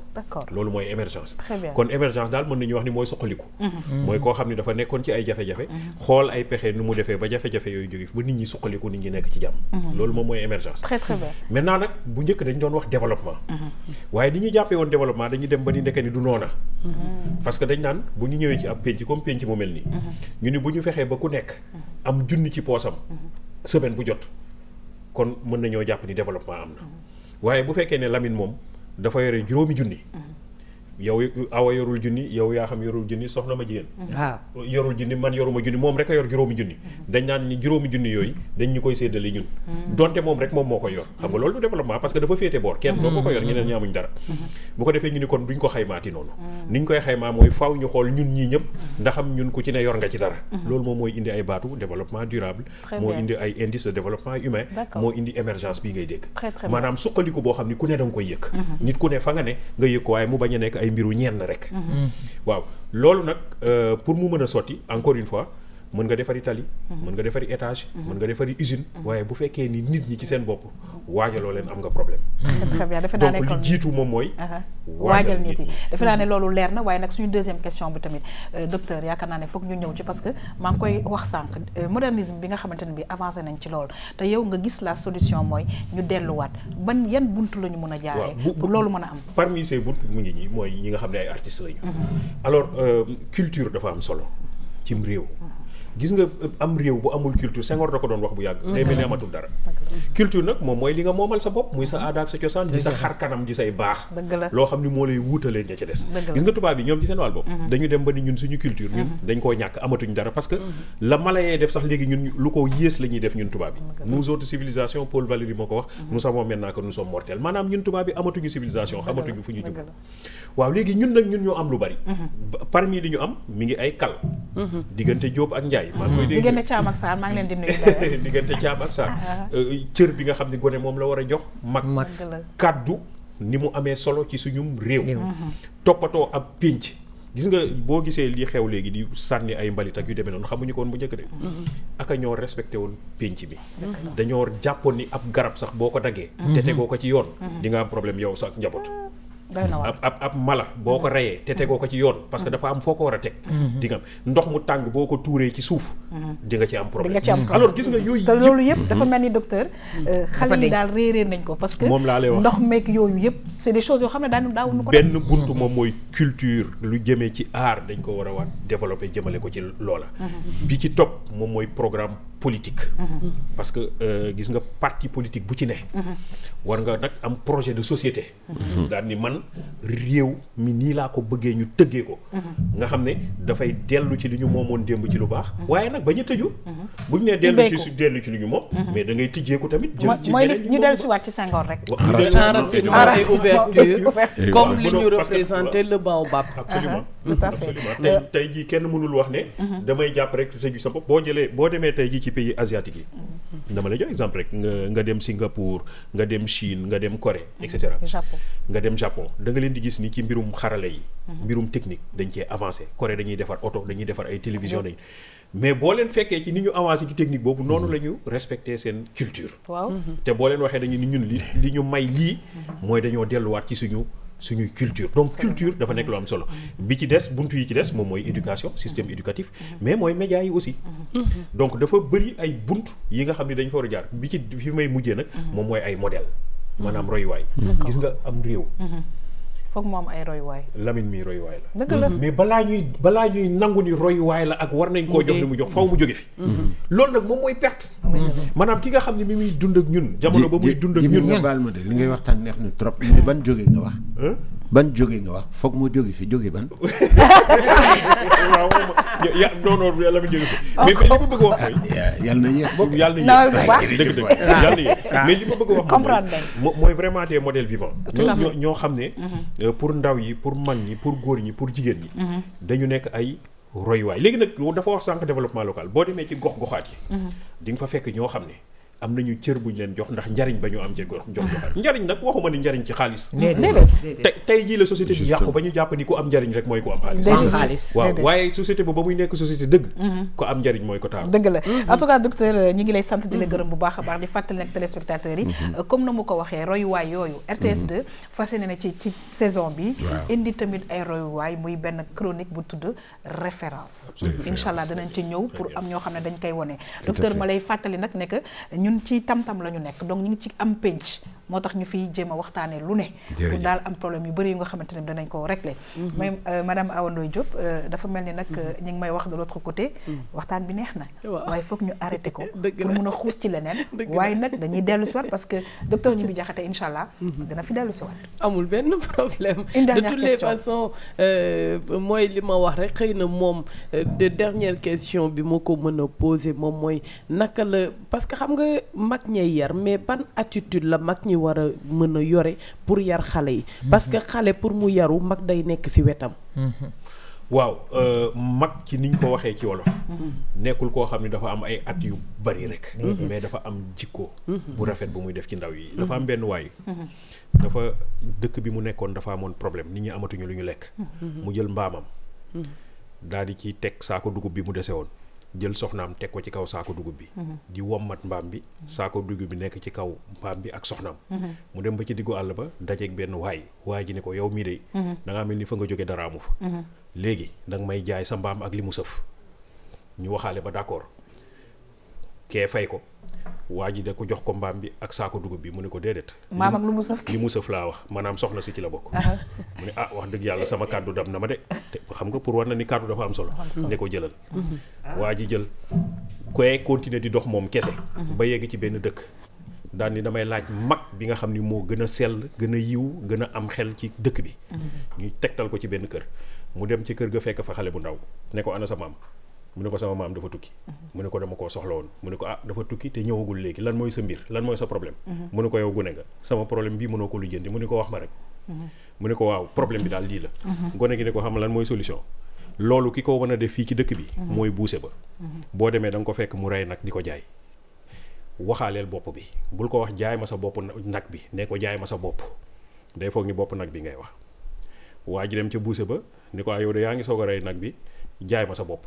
lolu moy émergence kon émergence daal mën nañu wax ni moy soqaliku moy mm-hmm. ko xamni dafa nekkon ci ay jafé jafé mm-hmm. xol ay pexé nu mu défé ba jafé jafé yoy jóge fi ba nit ñi suqaliku nit ñi nekk ci jam mm-hmm. lolu moom moy émergence très très bien maintenant nak bu ñëk dañ doon wax développement waye ni ñuy jàppee woon développement dañu dem ba ni nekke ni du nona parce que dañ naan bu ñu ñëwee ci ab pénc comme pench mu melni nii ñu ni bu ñu fexee ba ku nekk am junni ci posam semaine bu jot kon mën nañu japp ni développement amna waaye bu fekkee ne Lamine moom dafa yore juróomi junni mhm. yow awa yorul junni yow yaa xam yorul junni soxna ma jigéen waaw mm-hmm. ah. yorul junni man yoruma junni moom rek a yor juróomi junni mm-hmm. dañ naan ni juróomi junni yooyu dañ ñu koy séddale ñun mm-hmm. donte moom rek moom moo ko yor xam nga loolu du développement parce que dafa indi ay moo indi ay indice de développement humain moo indi émergence bi ngay dégg maanaam suqaliku boo xam ni ku ne da koy yëg nit ku ne fa nga ne nga yëg waaye mu bañ a nekk ay mbiru ñenn rek. Mm-hmm. waaw loolu nag euh, pour mu mën a sotti encore une fois. mën nga defari tali mhm. mën nga defari étage mhm. mën nga defari usine mhm. waaye bu fekkee ni nit ñi ci seen bopp waajaloo leen am nga problème très bien defe naa ne kon jiitu moom mooy waajal nit yi defe naa ne loolu leer na waaye nag suñu deuxième question bi tamit euh, docteur yaakaar naa ne foog ñu ñëw ci parce que maa ngi koy wax sànq euh, modernisme bi nga xamante ne bi avancé nañ ci lool te yow nga gis la solution mooy ñu delluwaat ban yan bunt la ñu mën a jaaree pour loolu mën a am parmi ces bunt mu ngi ñi mooy ñi nga xam ne ay artistes lañu alors euh, culture dafa am solo cim réew gis nga euh, am réew bu amul culture Senghor da ko doon wax bu yàgg day mel ni amatul dara culture nag moom mooy li nga moomal sa bopp muy sa mm-hmm. aada sa cosaan di sa xar kanam di say baax loo xam ni moo lay wuutalee ña ca des gis nga tubaab yi ñoom ci seen wàll bopp mm-hmm. dañu mm-hmm. la malayee def ko yées la ñuy def ñun tubaab yi nous autres civilisations Paul Valéry moo ko wax nous savons maintenant que maanaam ñun tubaab yi amatuñu civilisation amatuñu fu ñu jub waaw léegi ñun nag ñun ñoo am lu bari parmi li ñu am mi ngi ay kal diggante Ndiaye maa ngi koy dégg diggante Thiam ak Sarr diggante Thiam ak Sarr ah, ah. Euh, cër bi nga xam ne gone moom la war a jox mag mag kàddu ni mu amee solo ci suñum réew mm-hmm. toppatoo ab pénc gis nga boo gisee li xew léegi di sànni ay mbalit ak yu deme noonu xamuñu ko woon bu njëkk de mm-hmm. aka ñoo respecté woon pénc bi dañoo jàppoon ni ab garab sax boo ko daggee mm-hmm. te tegoo ko ci yoon di nga am problème yow sa njaboot ah. ab ab ab mala boo ko reyee te tegoo ko ci yoon parce que dafa am foo ko war a teg mhm. di nga am ndox mu tàng boo ko tuuree ci suuf mhm. di ci am mhm. problème alors gis nga yooyu te dañ ko war a waat développer jëmale ko ci loola bi ci topp moom mooy programme politique parce que euh, gis nga parti politique bu ci ne war nga nag am projet de société daal man man réew mi nii laa ko bëggee ñu tëggee ko mhm. nga xam ne dafay dellu ci lu ñu moomoon démb ci lu baax mhm. waaye nag ba ñu tëju mhm. bu ñu nee dellu ci dellu ci li ñu moom mais da ngay tijjeeku tamit mooy li ñu dellu si waat ci Senghor rek le baobab absolument tout à fait tey kenn mënul wax ne damay jàpp rek tëju sa bopp boo jëlee boo demee tey jii ci pays asiatique dama lay jox exemple rek nga dem Singapour nga dem Chine nga dem Corée et cetera nga dem Japon da nga leen di gis ni ci mbirum xarala yi. Mhm. mbirum technique dañ cee avancé. Corée dañuy defar oto dañuy defar ay télévision mhm. yi mais boo leen fekkee ci ni ñu avancé ci technique boobu noonu mhm. la ñu respecté seen culture. waaw te boo leen waxee dañuy ni ñun li li ñu may lii. mooy dañoo delluwaat ci suñu. suñu culture donc culture dafa nekk lu am solo bi ci des buntu yi ci des moom mooy éducation système éducatif mais mooy média yi aussi donc dafa bëri ay bunt yi nga xam ne dañ fa war jaar bi ci fi may mujjee nag moom mooy ay modèle maanaam royuwaay gis nga am réew foog mu am ay royuwaay. Lamine mi royuwaay la. dëgg mm-hmm. mais balaa ñuy balaa ñuy nangu ni royuwaay la ak war nañ koo jox li mu jox faw mu jóge fi. Mm-hmm. loolu nag moom mooy perte. Mm-hmm. maanaam ki nga xam ne mi muy dund ak ñun. jamono ba muy dund ak ñun. nga baal ma de li ngay waxtaan neex ñu trop. ban jóge nga wax. ban jóge nga wax foog moo jóge fi jóge ban. waaw ya non non yàlla mi jóge fi. mais li ma a wax mooy. yàlla na yéex bokk yàlla li ma bëgg a wax. comprendre nañ mooy vraiment des modèles vivants. ñoo xam ne. Mm-hmm. Euh, pour ndaw yi pour mag ñi pour góor ñi pour jigéen ñi. Mm-hmm. dañu nekk ay. roy waay léegi nag dafa wax sànq développement local boo demee ci gox goxaat yi. Mm-hmm. di fa fekk ñoo xam ne. am nañu cër bu ñu leen jox ndax njariñ ba ñu am ca jox jox njariñ nag waxuma ni njariñ ci xaalis te tey jii la société bi yàqu ba ñu jàppandi ni ku am njariñ rek mooy ku am xaalis waaw waaye société bu ba muy nekk société mhm. ko am mhm. euh, lay sant di la mhm. gërëm bu baax a baax di fàttali nag téléspectateurs yi euh, comme na mu ko waxee royuwaay yooyu RTS2 na ci ci saison bi indi tamit ay royuwaay muy benn chronique bu tudd référence incha danañ ci ñëw pour am ñoo xam ne dañ koy wone docteur ma lay fàttali nag nekk ñun ci tam-tam lañu ñu nekk donc ñu ngi ci am pench moo tax ñu fi jéem a waxtaanee lu ne pour daal am problème yu bëri yu nga xamante ne danañ ko régler mais mhm. euh, madame Awa Diop euh, dafa mel ni nag mhm. euh, ñu ngi may wax de l'autre côté mhm. waxtaan bi neex na waaye foog ñu arrêté ko pour mun a xuus ci leneen waaye nag dañuy dellu si waat parce que docteur Gniby Diakhaté incha allah dina fi dellu si waat amul benn problème de toutes les façons mooy li ma wax rek xëy na moom de dernière question bi moo ko mën a posé moom mooy naka la parce que xam nga mag ñay yar mais ban attitude la mag ñi war a mën a yore pour yar xale yi parce que mhm. xale pour mu yaru mag day nekk ci wetam mhm. waaw euh, mag ci niñ ko waxee ci wolof mhm. nekkul koo xam ni dafa am ay at yu bari rek mais dafa am jikko bu rafet bu muy def ci ndaw yi dafa am benn waay dafa dëkk bi mu nekkoon dafa amoon problème nit ñi amatuñu lu ñu lekk mu jël mbaamam daal di ci teg saako dugub bi mu dese woon jël soxnaam teg ko ci kaw saako dugub bi. Mhm. di womat mbaam bi mhm. saako dugub bi nekk ci kaw mbaam bi ak soxnaam. Mhm. mu dem ba ci diggu àll ba dajeeg benn waay waay ji ni ko yow mii de. danga ngaa mel ni fa nga jóge dara amu fa. léegi da nga may jaay sa mbaam ak li mu sëf ñu waxaale ba d'accord. ke fay ko waji de ko jox ko mbam bi ak saako dugub bi muniko dedet mam ak lu ki la wax manam soxna ci la bok ah wax deug yalla sama cadeau dam na ma de purwana xam nga pour war ni kàddu dafa am solo ne ko jëlal mhm. waji jël koy continuer di dox mom kese mhm. ba yegg ci ben dëkk dan ni damay laaj mak bi nga xamni mo gëna sel gëna yiw gëna am xel ci dëkk bi mhm. ñu tektal ko ci ben kër mu dem ci kër ga fekk fa xalé bu ndaw ne ko ana sa mam mu ne ko sama maam dafa tukki mu ne ko dama koo soxla woon mu ne ko ah dafa tukki te ñëwagul léegi lan mooy sa mbir lan mooy sa problème mu ne ko yow gune nga sama problème bii mënoo ko lu jënd mu ne ko wax ma rek mu ne ko waaw problème bi daal lii la gone gi ne ko xam lan mooy solution loolu ki ko mën a def fii ci dëkk bi mooy buuse ba boo demee da nga ko fekk mu rey nag di ko jaay waxaaleel bopp bi bul ko wax jaay ma sa bopp nag bi ne ko jaay ma sa bopp day foog ni bopp nag bi ngay wax waa ji dem ca buuse ba ni ko ah, yow de yaa ngi soog a rey nag bi jaay ma sa bopp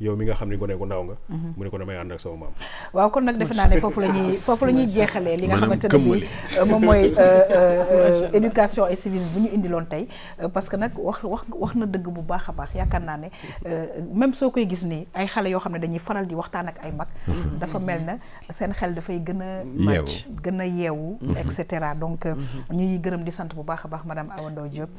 yow mi nga xamni ne ko ndaw nga mhm. mu ne ko damay and ak sama maam waaw kon nak defe naa ne foofu la ñuy foofu la ñuy jeexalee li nga xamante ne euh, moy euh euh, euh éducation et civisme bu ñu lon tay euh, parce que nak wax wax wax na dëgg bu baax a baax yaakaar naa ne même soo koy gis ni ay xalé yo xam dañuy faral di waxtaan ak ay mag mhm. dafa melna na seen xel da fay gëna match gëna yewu mhm. et cetera donc ñuy gëreum di sante bu baax a baax madame Awa Diop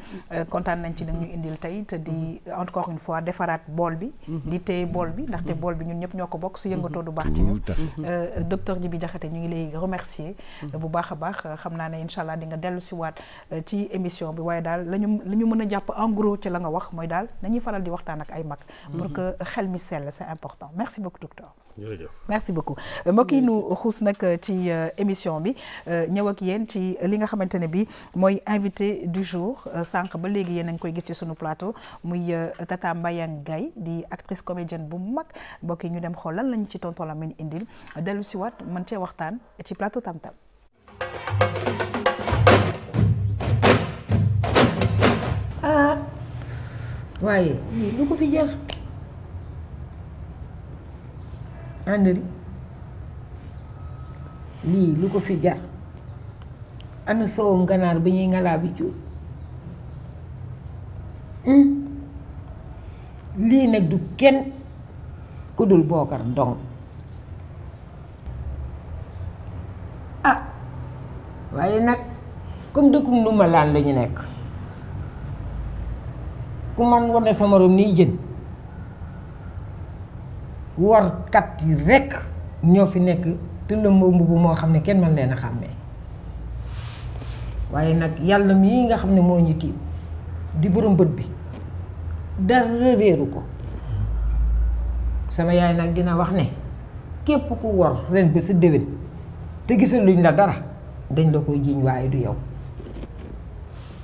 contane nañ ci nag ñu indil tay te di encore une fois défarat bol bi di tey bool bi ndax ndaxte mm-hmm. bool bi ñun ñëpp ñoo ko bokk su mm-hmm. yëngatoo du baax ci ñun mm-hmm. euh, docteur Djibi Diakhaté ñu ngi lay remercier bu baax a baax xam naa ne incha allah di nga dellu si waat euh, ci émission bi waaye daal lañu la ñu mën a jàpp en ci la nga wax mooy daal nañuy faral di waxtaan ak ay mag pour que xel mi sell c'est important merci beaucoup docteur jërëjëf merci beaucoup mbokk yi nu xuus nag ci euh, émission bi euh, ñëw ak yéen ci li nga xamantene bi moy invité du jour euh, sank ba légui yeen a ngi koy gis ci sunu plateau muy Tata Mbayang Gaye di actrice comédienne bu mag mbokk ñu dem xol lan lañ ci tonton Lamine indil dellu si waat mën cee waxtaan ci plateau Tam Tam ah. waaye lu ko fi jar àndal lii lu ko fi jar ana sowum ganaar bi ñuy ngalaa hmm? lii nag du kenn ku dul bookar dong ah waaye nag comme dëkkum nu laan la ñu nekk ku man wane sa morom nii jën warkat yi rekk ñoo fi nekk tëllëmboo mbubu moo xam ne kenn mën leen a xàmmee waaye nag yàlla mii nga xam ne moo ñu tiim di borom bët bi dara réeru ko sama yaay nag dina wax ne képp ku wor ren ba sa déwén te gisal luñ la dara dañ la koy jiiñ waaye du yow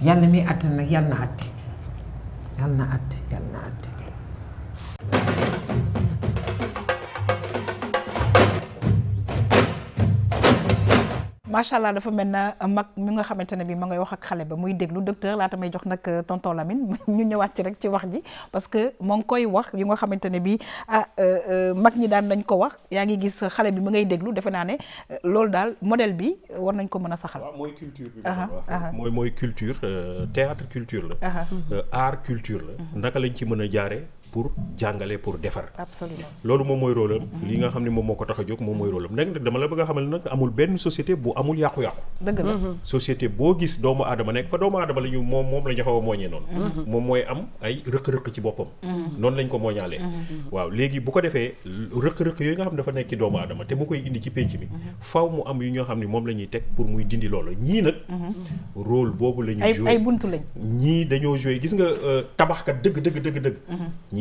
yàlla mi àtte nag yàlla na àtte yàlla na àtte macha allah dafa mel na mag mi nga xamante ne bi ma ngay wax ak xale ba muy déglu docteur laa may jox nag euh, tonton Lamine ñu ñëwaat ci rek ci wax ji parce que moo ngi koy wax yi nga xamante ne bi ah euh, euh, mag ñi daan nañ ko wax yaa ngi gis xale bi mu ngay déglu defe naa ne loolu daal modèle bi war nañ ko mën a saxal. mooy culture bi. mooy mooy culture théâtre culture la. art culture la. naka lañ ci mën a jaaree. pour jàngale pour defar. absolument loolu moom mooy rôle am. li nga xam ne moom moo ko tax a jóg moom mooy rôle am nag dama la bëgg a xamal nag amul benn société bu amul yàqu-yàqu. dëgg la mhm. société boo gis doomu aadama nekk fa doomu adama la ñu moom moom la ñu xaw a mhm. moom mooy am ay ci boppam. Mhm. noonu lañ ko mooñaalee. waaw léegi bu ko defee rëq-rëq yooyu nga xam ne dafa nekk ci doomu aadama te mu koy indi ci pénc mi faw mu am yu ñoo xam ne moom la ñuy teg pour muy dindi loolu ñii nag. rôle boobu la ñu joué ay buntu lañ ñii dañoo joué gis nga euh, tabaxkat dëgg dëgg dëgg dëgg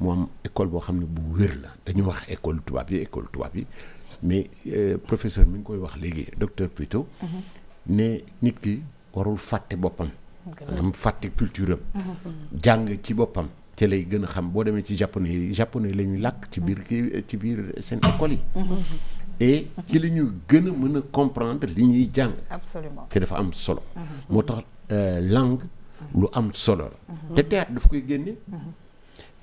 Moi, école boo xam bouger bu wér la dañu wax école tubaab yi école tubaab yi mais euh, professeur mi quoi, koy wax docteur plutôt mm-hmm. ne nit ki warul fàtte bopam am fatte, culture Jang, ci bopam té lay gëna xam bo démé ci japonais japonais la lak ci biir ci biir sen école yi mm-hmm. et ci liñu gëna mëna comprendre liñuy jang. absolument té dafa am solo mm-hmm. motax euh, langue lu am solo té te théâtre daf koy génne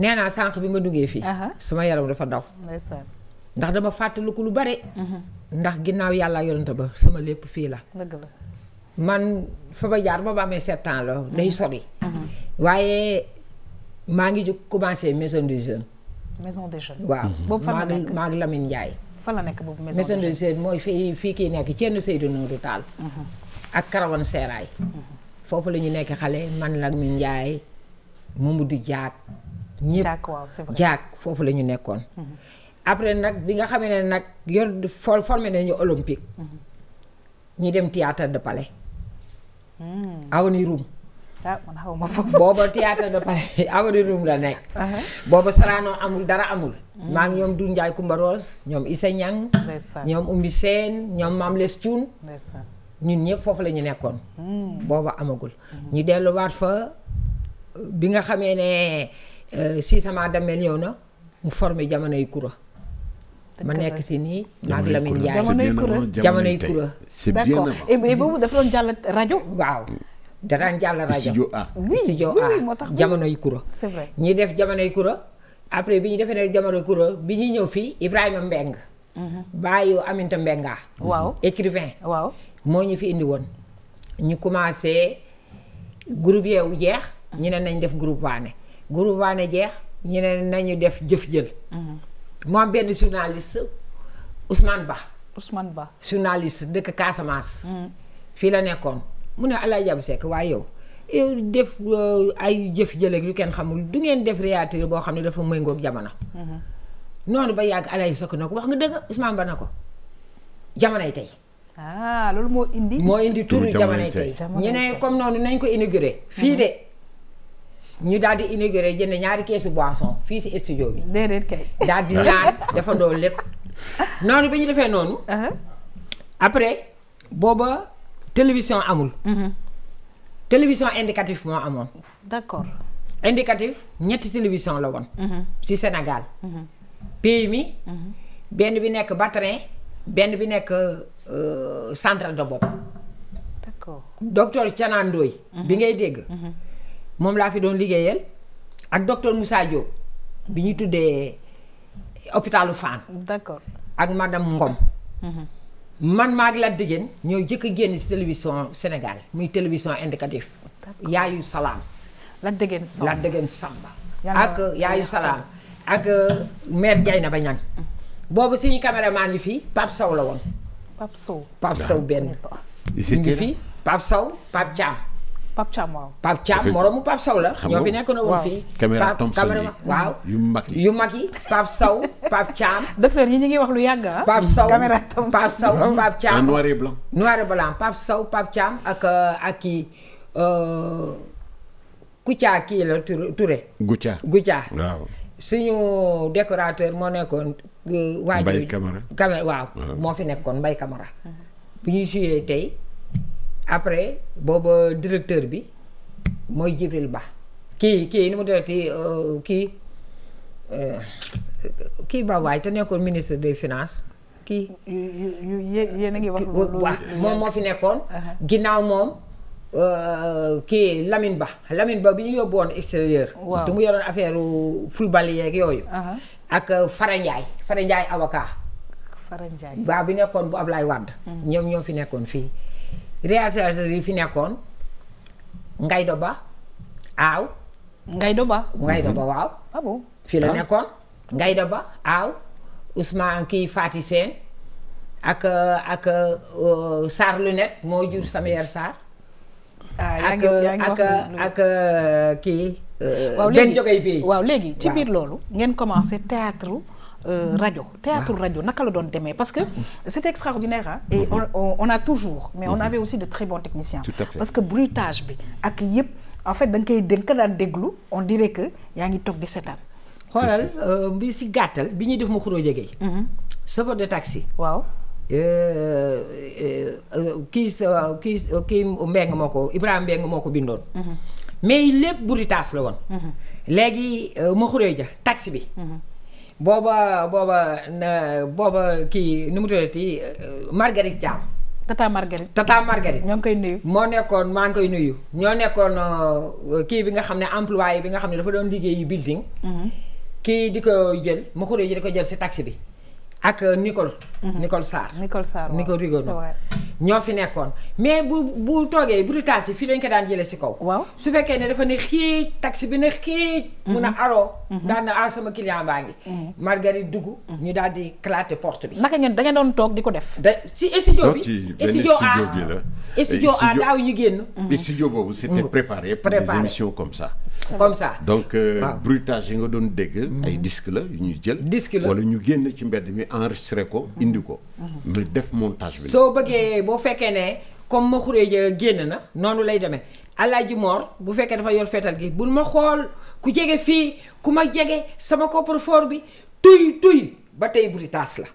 nee naa sànq bi ma duggee fii. sama yaram dafa daw. ndax dama fàttaliku lu bari mhm. ndax ginnaaw yàlla yonante ba sama lépp fii la. dëgg la man fa ba jaar ba ba amee sept ans la mhm. Mhm. waaye maa ngi jóg commencé maison des jeunes. maison des jeunes. waaw boobu fan maa ngi Lamine Ndiaye. fan la nekk boobu maison des jeunes mooy fii fii kii nekk Thierno Seydou Nourou Tall. ak Karawan Seraay. foofu la ñu nekk xale man Lamine Ndiaye Mamadou Diak. ñëpp jàkk waaw c'est vrai foofu la ñu nekkoon. après nag bi nga xamee ne nag yor for formé nañu olympique. Mm-hmm. ñu dem théâtre de palais. Mm. Awani Room. ah man xaw ma foofu. booba théâtre de palais Awani Room la nekk. Uh-huh. booba Sorano amul dara amul. Mm. maa ngi ñoom Doudou Ndiaye ñoom Issa Niang. ñoom Oumy Sène ñoom Mame Less Thioune. ñun ñëpp foofu la ñu nekkoon. Mm. booba amagul. Mm-hmm. ñu delluwaat fa bi nga xamee ne. Euh, si sama damel ñëw na mu jamono jamonoy kura. ma nekk si nii. maag Lamine Ndiaye jamonoy kura jamonoy kura. c'est bien avant rajo. waaw da daan jàll rajo. studio A studio A jamonoy kura. ñi def jamonoy kura. après bi ñu defee ne jamono kura bi ñuy ñëw fii Ibrahima Mbeng mhm. bàyyi Aminta Mbenga. waaw waaw moo ñu fi indi woon. ñu commencé groupe yeewu jeex. ñu ne nañ def groupe waane. gurubane jeex ñu ne nañu def jëf jël moom benn journaliste Ousmane Ba Ousmane Ba journaliste dëkk Casamance mhm. fii la nekkoon mu ne Alaaji Abdou Seck waaye yow yow def euh, ay jëf jël ak lu kenn xamul du ngeen def réalité boo xam ne dafa méngoog jamono mhm. noonu ba yàgg Alaaji Seck na ko wax nga dëgg Ousmane Ba na ko jamonoy tey ah, moo indi moo indi tur jamonoy tey ñu ne comme noonu nañ ko inauguré fii de ñu daal di inauguré jënd ñaari keesu boisson fii si studio bi. déedéet kay. daal di naan dafa doon lépp. noonu bi ñu defee noonu. Uh-huh. après booba télévision amul. Mm-hmm. télévision indicatif moo amoon. d'accord indicatif ñetti télévision la woon. Mm-hmm. si Sénégal. Mm-hmm. pays mi. benn bi nekk Batrin benn bi nekk euh, central de bopp. d'accord docteur Canandoy. bi ngay dégg mom la fi doon liggéeyal ak docteur Moussa Diop bi ñu tuddee hôpitalu Fann. d'accord ak madame Ngom. Mhm. man maa la diggéen ñoo jëk a génn télévision Sénégal muy télévision indicatif yaayu salaam. la dëggeen samba la dëggeen euh, samba. ak yaayu salaam ak maire Diagne ba bobu boobu suñu cameraman yi fi pap Sow la woon. pap saw Pape Sow benn. ñu fi Pape Pape Thiam waaw. Pape Thiam moromu Pape Sow la. ñoo fi nekkoon woon fii. yu mag yi yu mag yi Pape Sow Pape Thiam. docteur ñi ñu ngi wax lu yàgg ah. Pape Sow caméra Thompson Pape Sow ah, Pape Thiam en noir et blanc. noir ak euh, ak kii euh, Koutia kii la Touré. Goutia Goutia. waaw suñu décorateur moo nekkoon. Euh, waa ji Mbaye waaw ah. moo fi nekkoon Mbaye Camara. Ah. bu ñuy suyee tey. après booba directeur bi mooy Jibril Ba kii kii nu mu terati euh, kii euh, kii Ba waay te nekkoon ministre des finances kii. yéen a ngi wax moom moo fi nekkoon. Uh-huh. ginnaaw moom. Euh, kii Lamine Ba Lamine Ba bi ñu yóbbu woon extérieur. waaw te mu yoroon affaire football yeeg yooyu. Uh-huh. ak Fara Ndiaye Fara Ndiaye avocat. Fara Ndiaye waaw bi nekkoon bu Ablaye Wade. Mm-hmm. ñoom ñoo fi nekkoon fii. réalisateur yi fi nekkoon do Ba aaw do Ba do Ba waaw ah bon fii la nekkoon do Ba aaw Ousmane kii Fati sen ak ak uh, sar Lunette moo jur Samuel sar ah, ak ak ak kii waaw léegi ci biir loolu ngeen commencé théâtre Euh, radio théâtre ah. rajo naka la doon demee parce que c'était extraordinaire hein. et mm-hmm. on a toujours mais on mm-hmm. avait aussi de très bons techniciens parce que bruitage bi ak yëpp en fait da nga koy daan on dirait que yaa ngi toog di seetaan xoolal euh, bi si gàttal bi ñuy def mu xuro jege mm-hmm. chauffeur de taxi waaw euh, kii qui kii Mbengue moo ko Ibrahima Mbengue moo ko bindoon mais lépp bruitage la woon légui mu xuro ja taxi bi booba booba na booba kii nu mu tuddati eh, Marguerite Thiam. Tata Marguerite Tata Marguerite. ñoo ngi koy nuyu. moo nekkoon maa ngi koy nuyu. ñoo nekkoon eh, kii bi nga xam ne employé bi nga xam ne dafa doon liggéeyu building. Mm-hmm. kii di ko jël ma xuree ji di ko jël si taxi bi. ak euh, Nicole. Mhm. Nicole Sar. Nicole Sar. Nicole Rigo ñoo fi nekkoon mais bu bu toogee brutage fii ko daan jëlee si kaw. su dafa taxi bi na client Marguerite ñu daal di porte bi. naka da studio bi studio studio A studio c'était préparé. des émissions comme ça. comme ça donc euh, nga dégg. ay mhm. disque la jël. wala ñu ci enregistré ko indi ko. mais def montage bi. soo bëggee boo fekkee ne comme ma xuree génn na noonu lay deme Alaaji Mor bu fekkee dafa yor feetal gi bul ma xool ku jege fii ku ma jege sama coffre-fort bi tuy tuy ba tey bruitage la.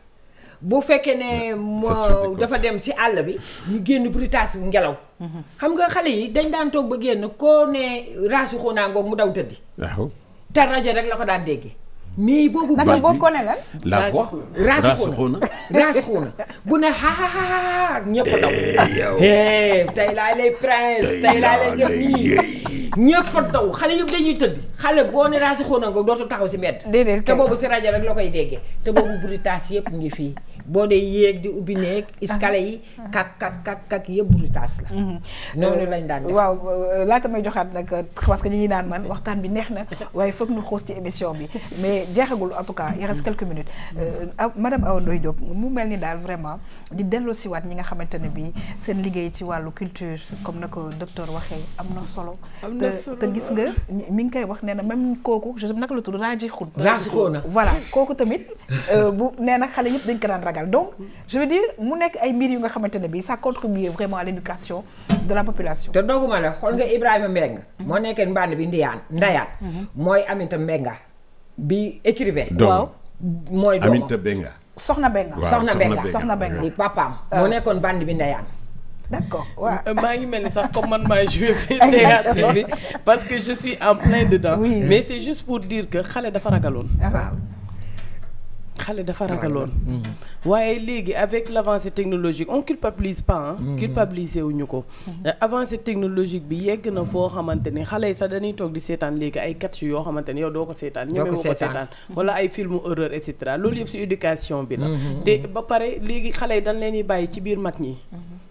boo fekkee ne moo dafa dem si àll bi ñu génn bruitage bu ngelaw. xam nga xale yi dañ daan toog ba génn koo ne raasi xoo naa ngoog mu daw tëddi. waaw te rajo rek la ko daan déggee. mais boobu. naka bokkoo ne lan la voix raasixuuna raasixuuna bu ne xaaxaaxaa ñëpp daw. Eh, eh, tey laa lay prince tey laa lay def nii ñëpp daw xale yëpp dañuy tëgg xale boo ne raasixuuna nga dootul taxaw si mbedd. déedéet te boobu si rajo rek la koy déggee te boobu bu bruitage yëpp ngi fii. boo dee yéeg di ubbi néeg escalier yi kak kak kak kak yëpp bruitage la mhm. noonu euh, lañ daan waaw euh, laata may joxaat nag parce que ñu ngi naan man waxtaan bi neex na waaye foog ñu xoos ci émission bi mais jeexagul en tout cas il reste mhm. quelques minutes euh, ah, madame Awa Ndoye Diop mu mel ni daal vraiment di delloo siwaat ñi nga xamante ne bi seen liggéey ci wàllu culture comme na ko docteur waxee am na solo te gis nga mi ngi koy wax nee na même kooku je naka la tudd raaji xun raaji xun voilà kooku tamit bu na xale yëpp dañ ko daan donc je veux dire mu nekk ay mbir yu nga xamantene bi ça contribue vraiment à l'éducation de la population te doguma la xol nga Ibrahima Mbengue moo nekkee mbànd bi ndiyan ndayaan moy mhm. Aminta Mbenga bi écrivain waaw moy doomam Aminata Benga soxna Benga soxna Benga soxna Benga di papaam euh. mo nekkoon band bi ndayan D'accord. Ouais. Euh, maa ngi mel sax comme man maa joué fii théâtre bi parce que je suis en plein dedans. Oui. mais c'est juste pour dire que xale dafa ragaloon. Ah, waaw xale dafa ragaloon mm-hmm. waaye léegi avec l' technologique on culpabilise pas hein, mm-hmm. culpabiliser wuñu ko mm-hmm. euh, avancée technologique bi yegg na foo xamante ni xale yi sax dañuy toog di seetaan léegi ay catch yoo xamante ni yow doo ko seetaan ñeme ko seetaan wala ay filmu horreur et cetera loolu yëpp si éducation bi la te ba pare léegi xale yi dañ leen bàyyi ci biir mag ñi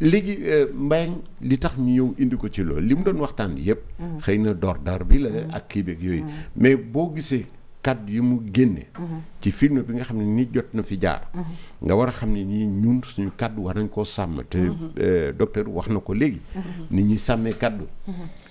léegi euh, Mbayang li tax ñu yow indi ko ci loolu li mu doon waxtaan yëpp. Mm. xëy na door door bi la mm. ak kii beeg yooyu. Mm. mais boo gisee kàddu yi mu génne. Mm-hmm. ci film bi nga xam ne ni jot na fi jaar. Mm-hmm. nga war a xam ne nii ñun suñu kàddu war nañ ko sàmm. te mm-hmm. euh, docteur wax na ko léegi. nit ñi sàmmee kàddu.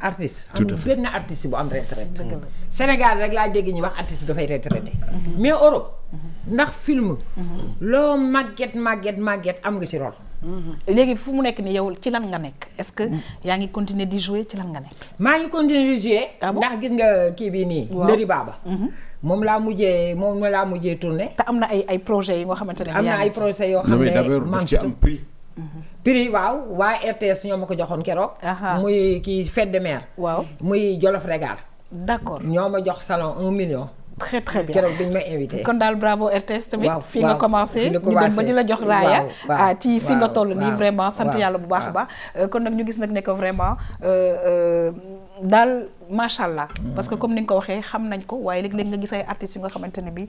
artiste amul benn artiste bu am retraite Sénégal rek laa dégg ñi wax artiste dafay retraité mhm. mais Europe mhm. ndax film mhm. loo màgget màgget màgget am nga si rôle léegi fu mu nekk nii yow ci lan nga nekk est-ce que yaa ngi continuer di jouer ci lan nga nekk maa ngi continuer di jouer ah ndax gis nga kii bii nii Ndëri Baaba moom laa mujjee moom laa mujjee tourné te am na ay ay projet yoo nga xamante ne am na ay projets yoo xam ne man ci am prix Piri waaw waa RTS ñoo ma ko joxoon keroog. muy kii fête de mer. waaw muy Jolof Régal. d'accord ñoo ma jox salon un million. très très bien keroog biñ ma invité. kon daal bravo RTS tamit. waaw fii nga commencé ñu dem ba di la jox raaya. Ah, ci fi nga toll nii vraiment sant yàlla bu baax a baax. Euh, kon nag ñu gis nag ne que vraiment euh, euh, daal macha allah. Mm. parce que comme ni nga ko waxee xam nañ ko waaye léeg-léeg nga gis ay artistes yu nga xamante ne bii.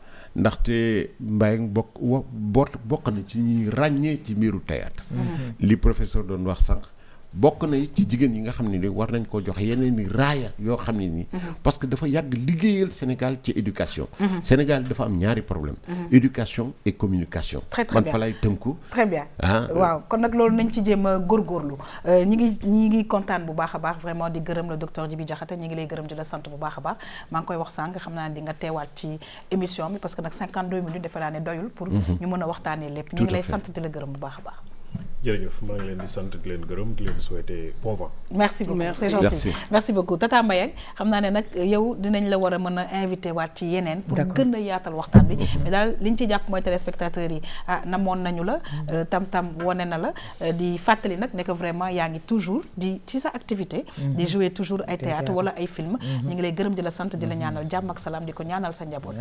ndaxte Mbaye bokk wa bokk na ci ñuy ràññee ci mbiru théâtre mm-hmm. li professeur doon wax sànq bok na ci jigen yi nga xamni ni war nañ ko jox yeneen ni raaya yo xamni ni mhm. parce que dafa yag liggéeyal Sénégal ci éducation mhm. Sénégal dafa am ñaari problème mhm. éducation et communication man fa lay tënku très bien ah, euh. waaw kon nak loolu nañ ci jéem gor góorgóorlu euh, ñi ngi ñi ngi contane bu baax baax vraiment di gërëm le docteur Djibi Diakhaté ñi ngi lay gërëm di la sante bu baax baax ma ngi koy wax sang xamna di nga teewaat ci émission bi parce que nak 52 minutes defalane doyul pour ñu mëna waxtane lepp ñi ngi lay sante di la gërëm bu baax baax jërëjëf maa ngi leen di sant di leen gërëm di leen souhaiter bon vent. merci beaucoup merci gentil merci beaucoup Tata Mbaye xam naa ne nag yow dinañ la war a mën a invité waat ci yeneen. pour gën a yaatal waxtaan bi. Mhm. mais daal liñ ñu ci jàpp mooy téléspectateurs yi ah namoon nañu la. Mhm. Euh, tam tam wane na la euh, di fàttali nag ne que vraiment yaa ngi toujours di ci sa activité. Mhm. di jouer toujours ay théâtre wala ay film. ñu ngi lay gërëm di la sant di la ñaanal jàmm ak salaam di ko ñaanal sa njaboot.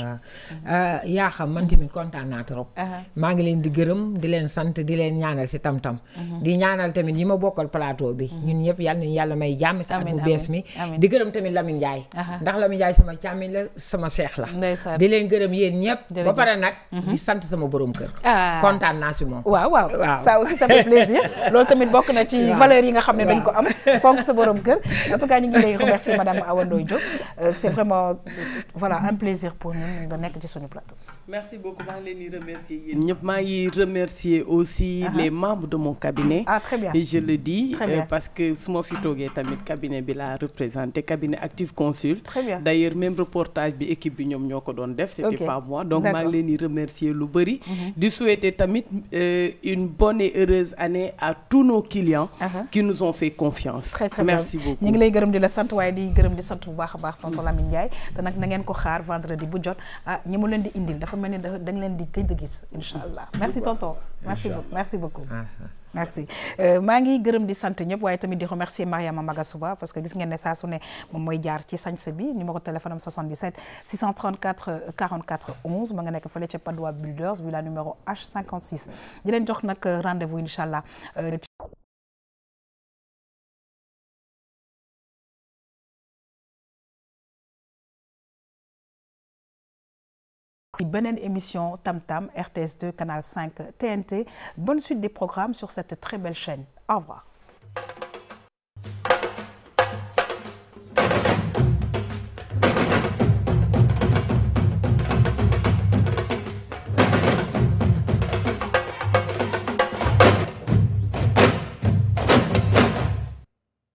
Ah, yaa xam man tamit content naa trop. maa ngi leen di gërëm di leen sant di leen ñaanal si tam tam tam mhm. di ñaanal tamit yi ma bokkal plateau bi mhm. ñun ñëpp yal ñu yàlla may jàmm si at bu bees mi di gërëm tamit Lamine Ndiaye ndax Lamine Ndiaye sama càmmiñ la sama cheikh la di leen gërëm yéen ñëpp ba pare nag mhm. di sant sama borom kër ah. kontaan naa si moom waaw waaw ça aussi ça fait plaisir loolu tamit bokk na ci valeur yi nga xam ne dañ ko am fonk sa borom kër en tout cas ñu ngi lay remercier madame Awa Ndoye Diop euh, c'est vraiment voilà un plaisir pour ñun nga nekk ci suñu plateau merci beaucoup maa ngi leen di remercier yéen ñëpp maa ngi remercier aussi les membres de mon cabinet. Ah, très bien. Et je le dis euh, parce que suma fi toogee tamit cabinet bi l'a représenté cabinet Active Consul. Très bien. D'ailleurs même reportage bi équipe bi ñoom ñoo ko def. C'était okay. pas moi donc je ngi leen di remercier lu bëri. Mhm. souhaiter tamit euh, une bonne et heureuse année à tous nos clients. Uh-huh. qui nous ont fait confiance. Très, très merci beaucoup Nous ngi lay gërëm di la sant waaye di gërëm di sant bu baax baax tonton mm. Lamine Ndiaye te nag na ngeen ko xaar vendredi bu jot ah, ñi mu leen di indil dafa mel ni leen di mm-hmm. merci tonton merci beaucoup merci beaucoup. Ah, ah. merci euh, maa gërëm di sant ñëpp waye tamit di remercier Mariama Magasuba parce que gis ngeen ne sa su ne moom moy jaar ci sañse bi numéro téléphone am 77 634 44 11 ma nga nekk fële ca Padoa Builders villa numéro H56 di len jox nak euh, rendez-vous inshallah. Euh, Bonne émission Tam Tam RTS 2 Canal 5 TNT bonne suite des programmes sur cette très belle chaîne au revoir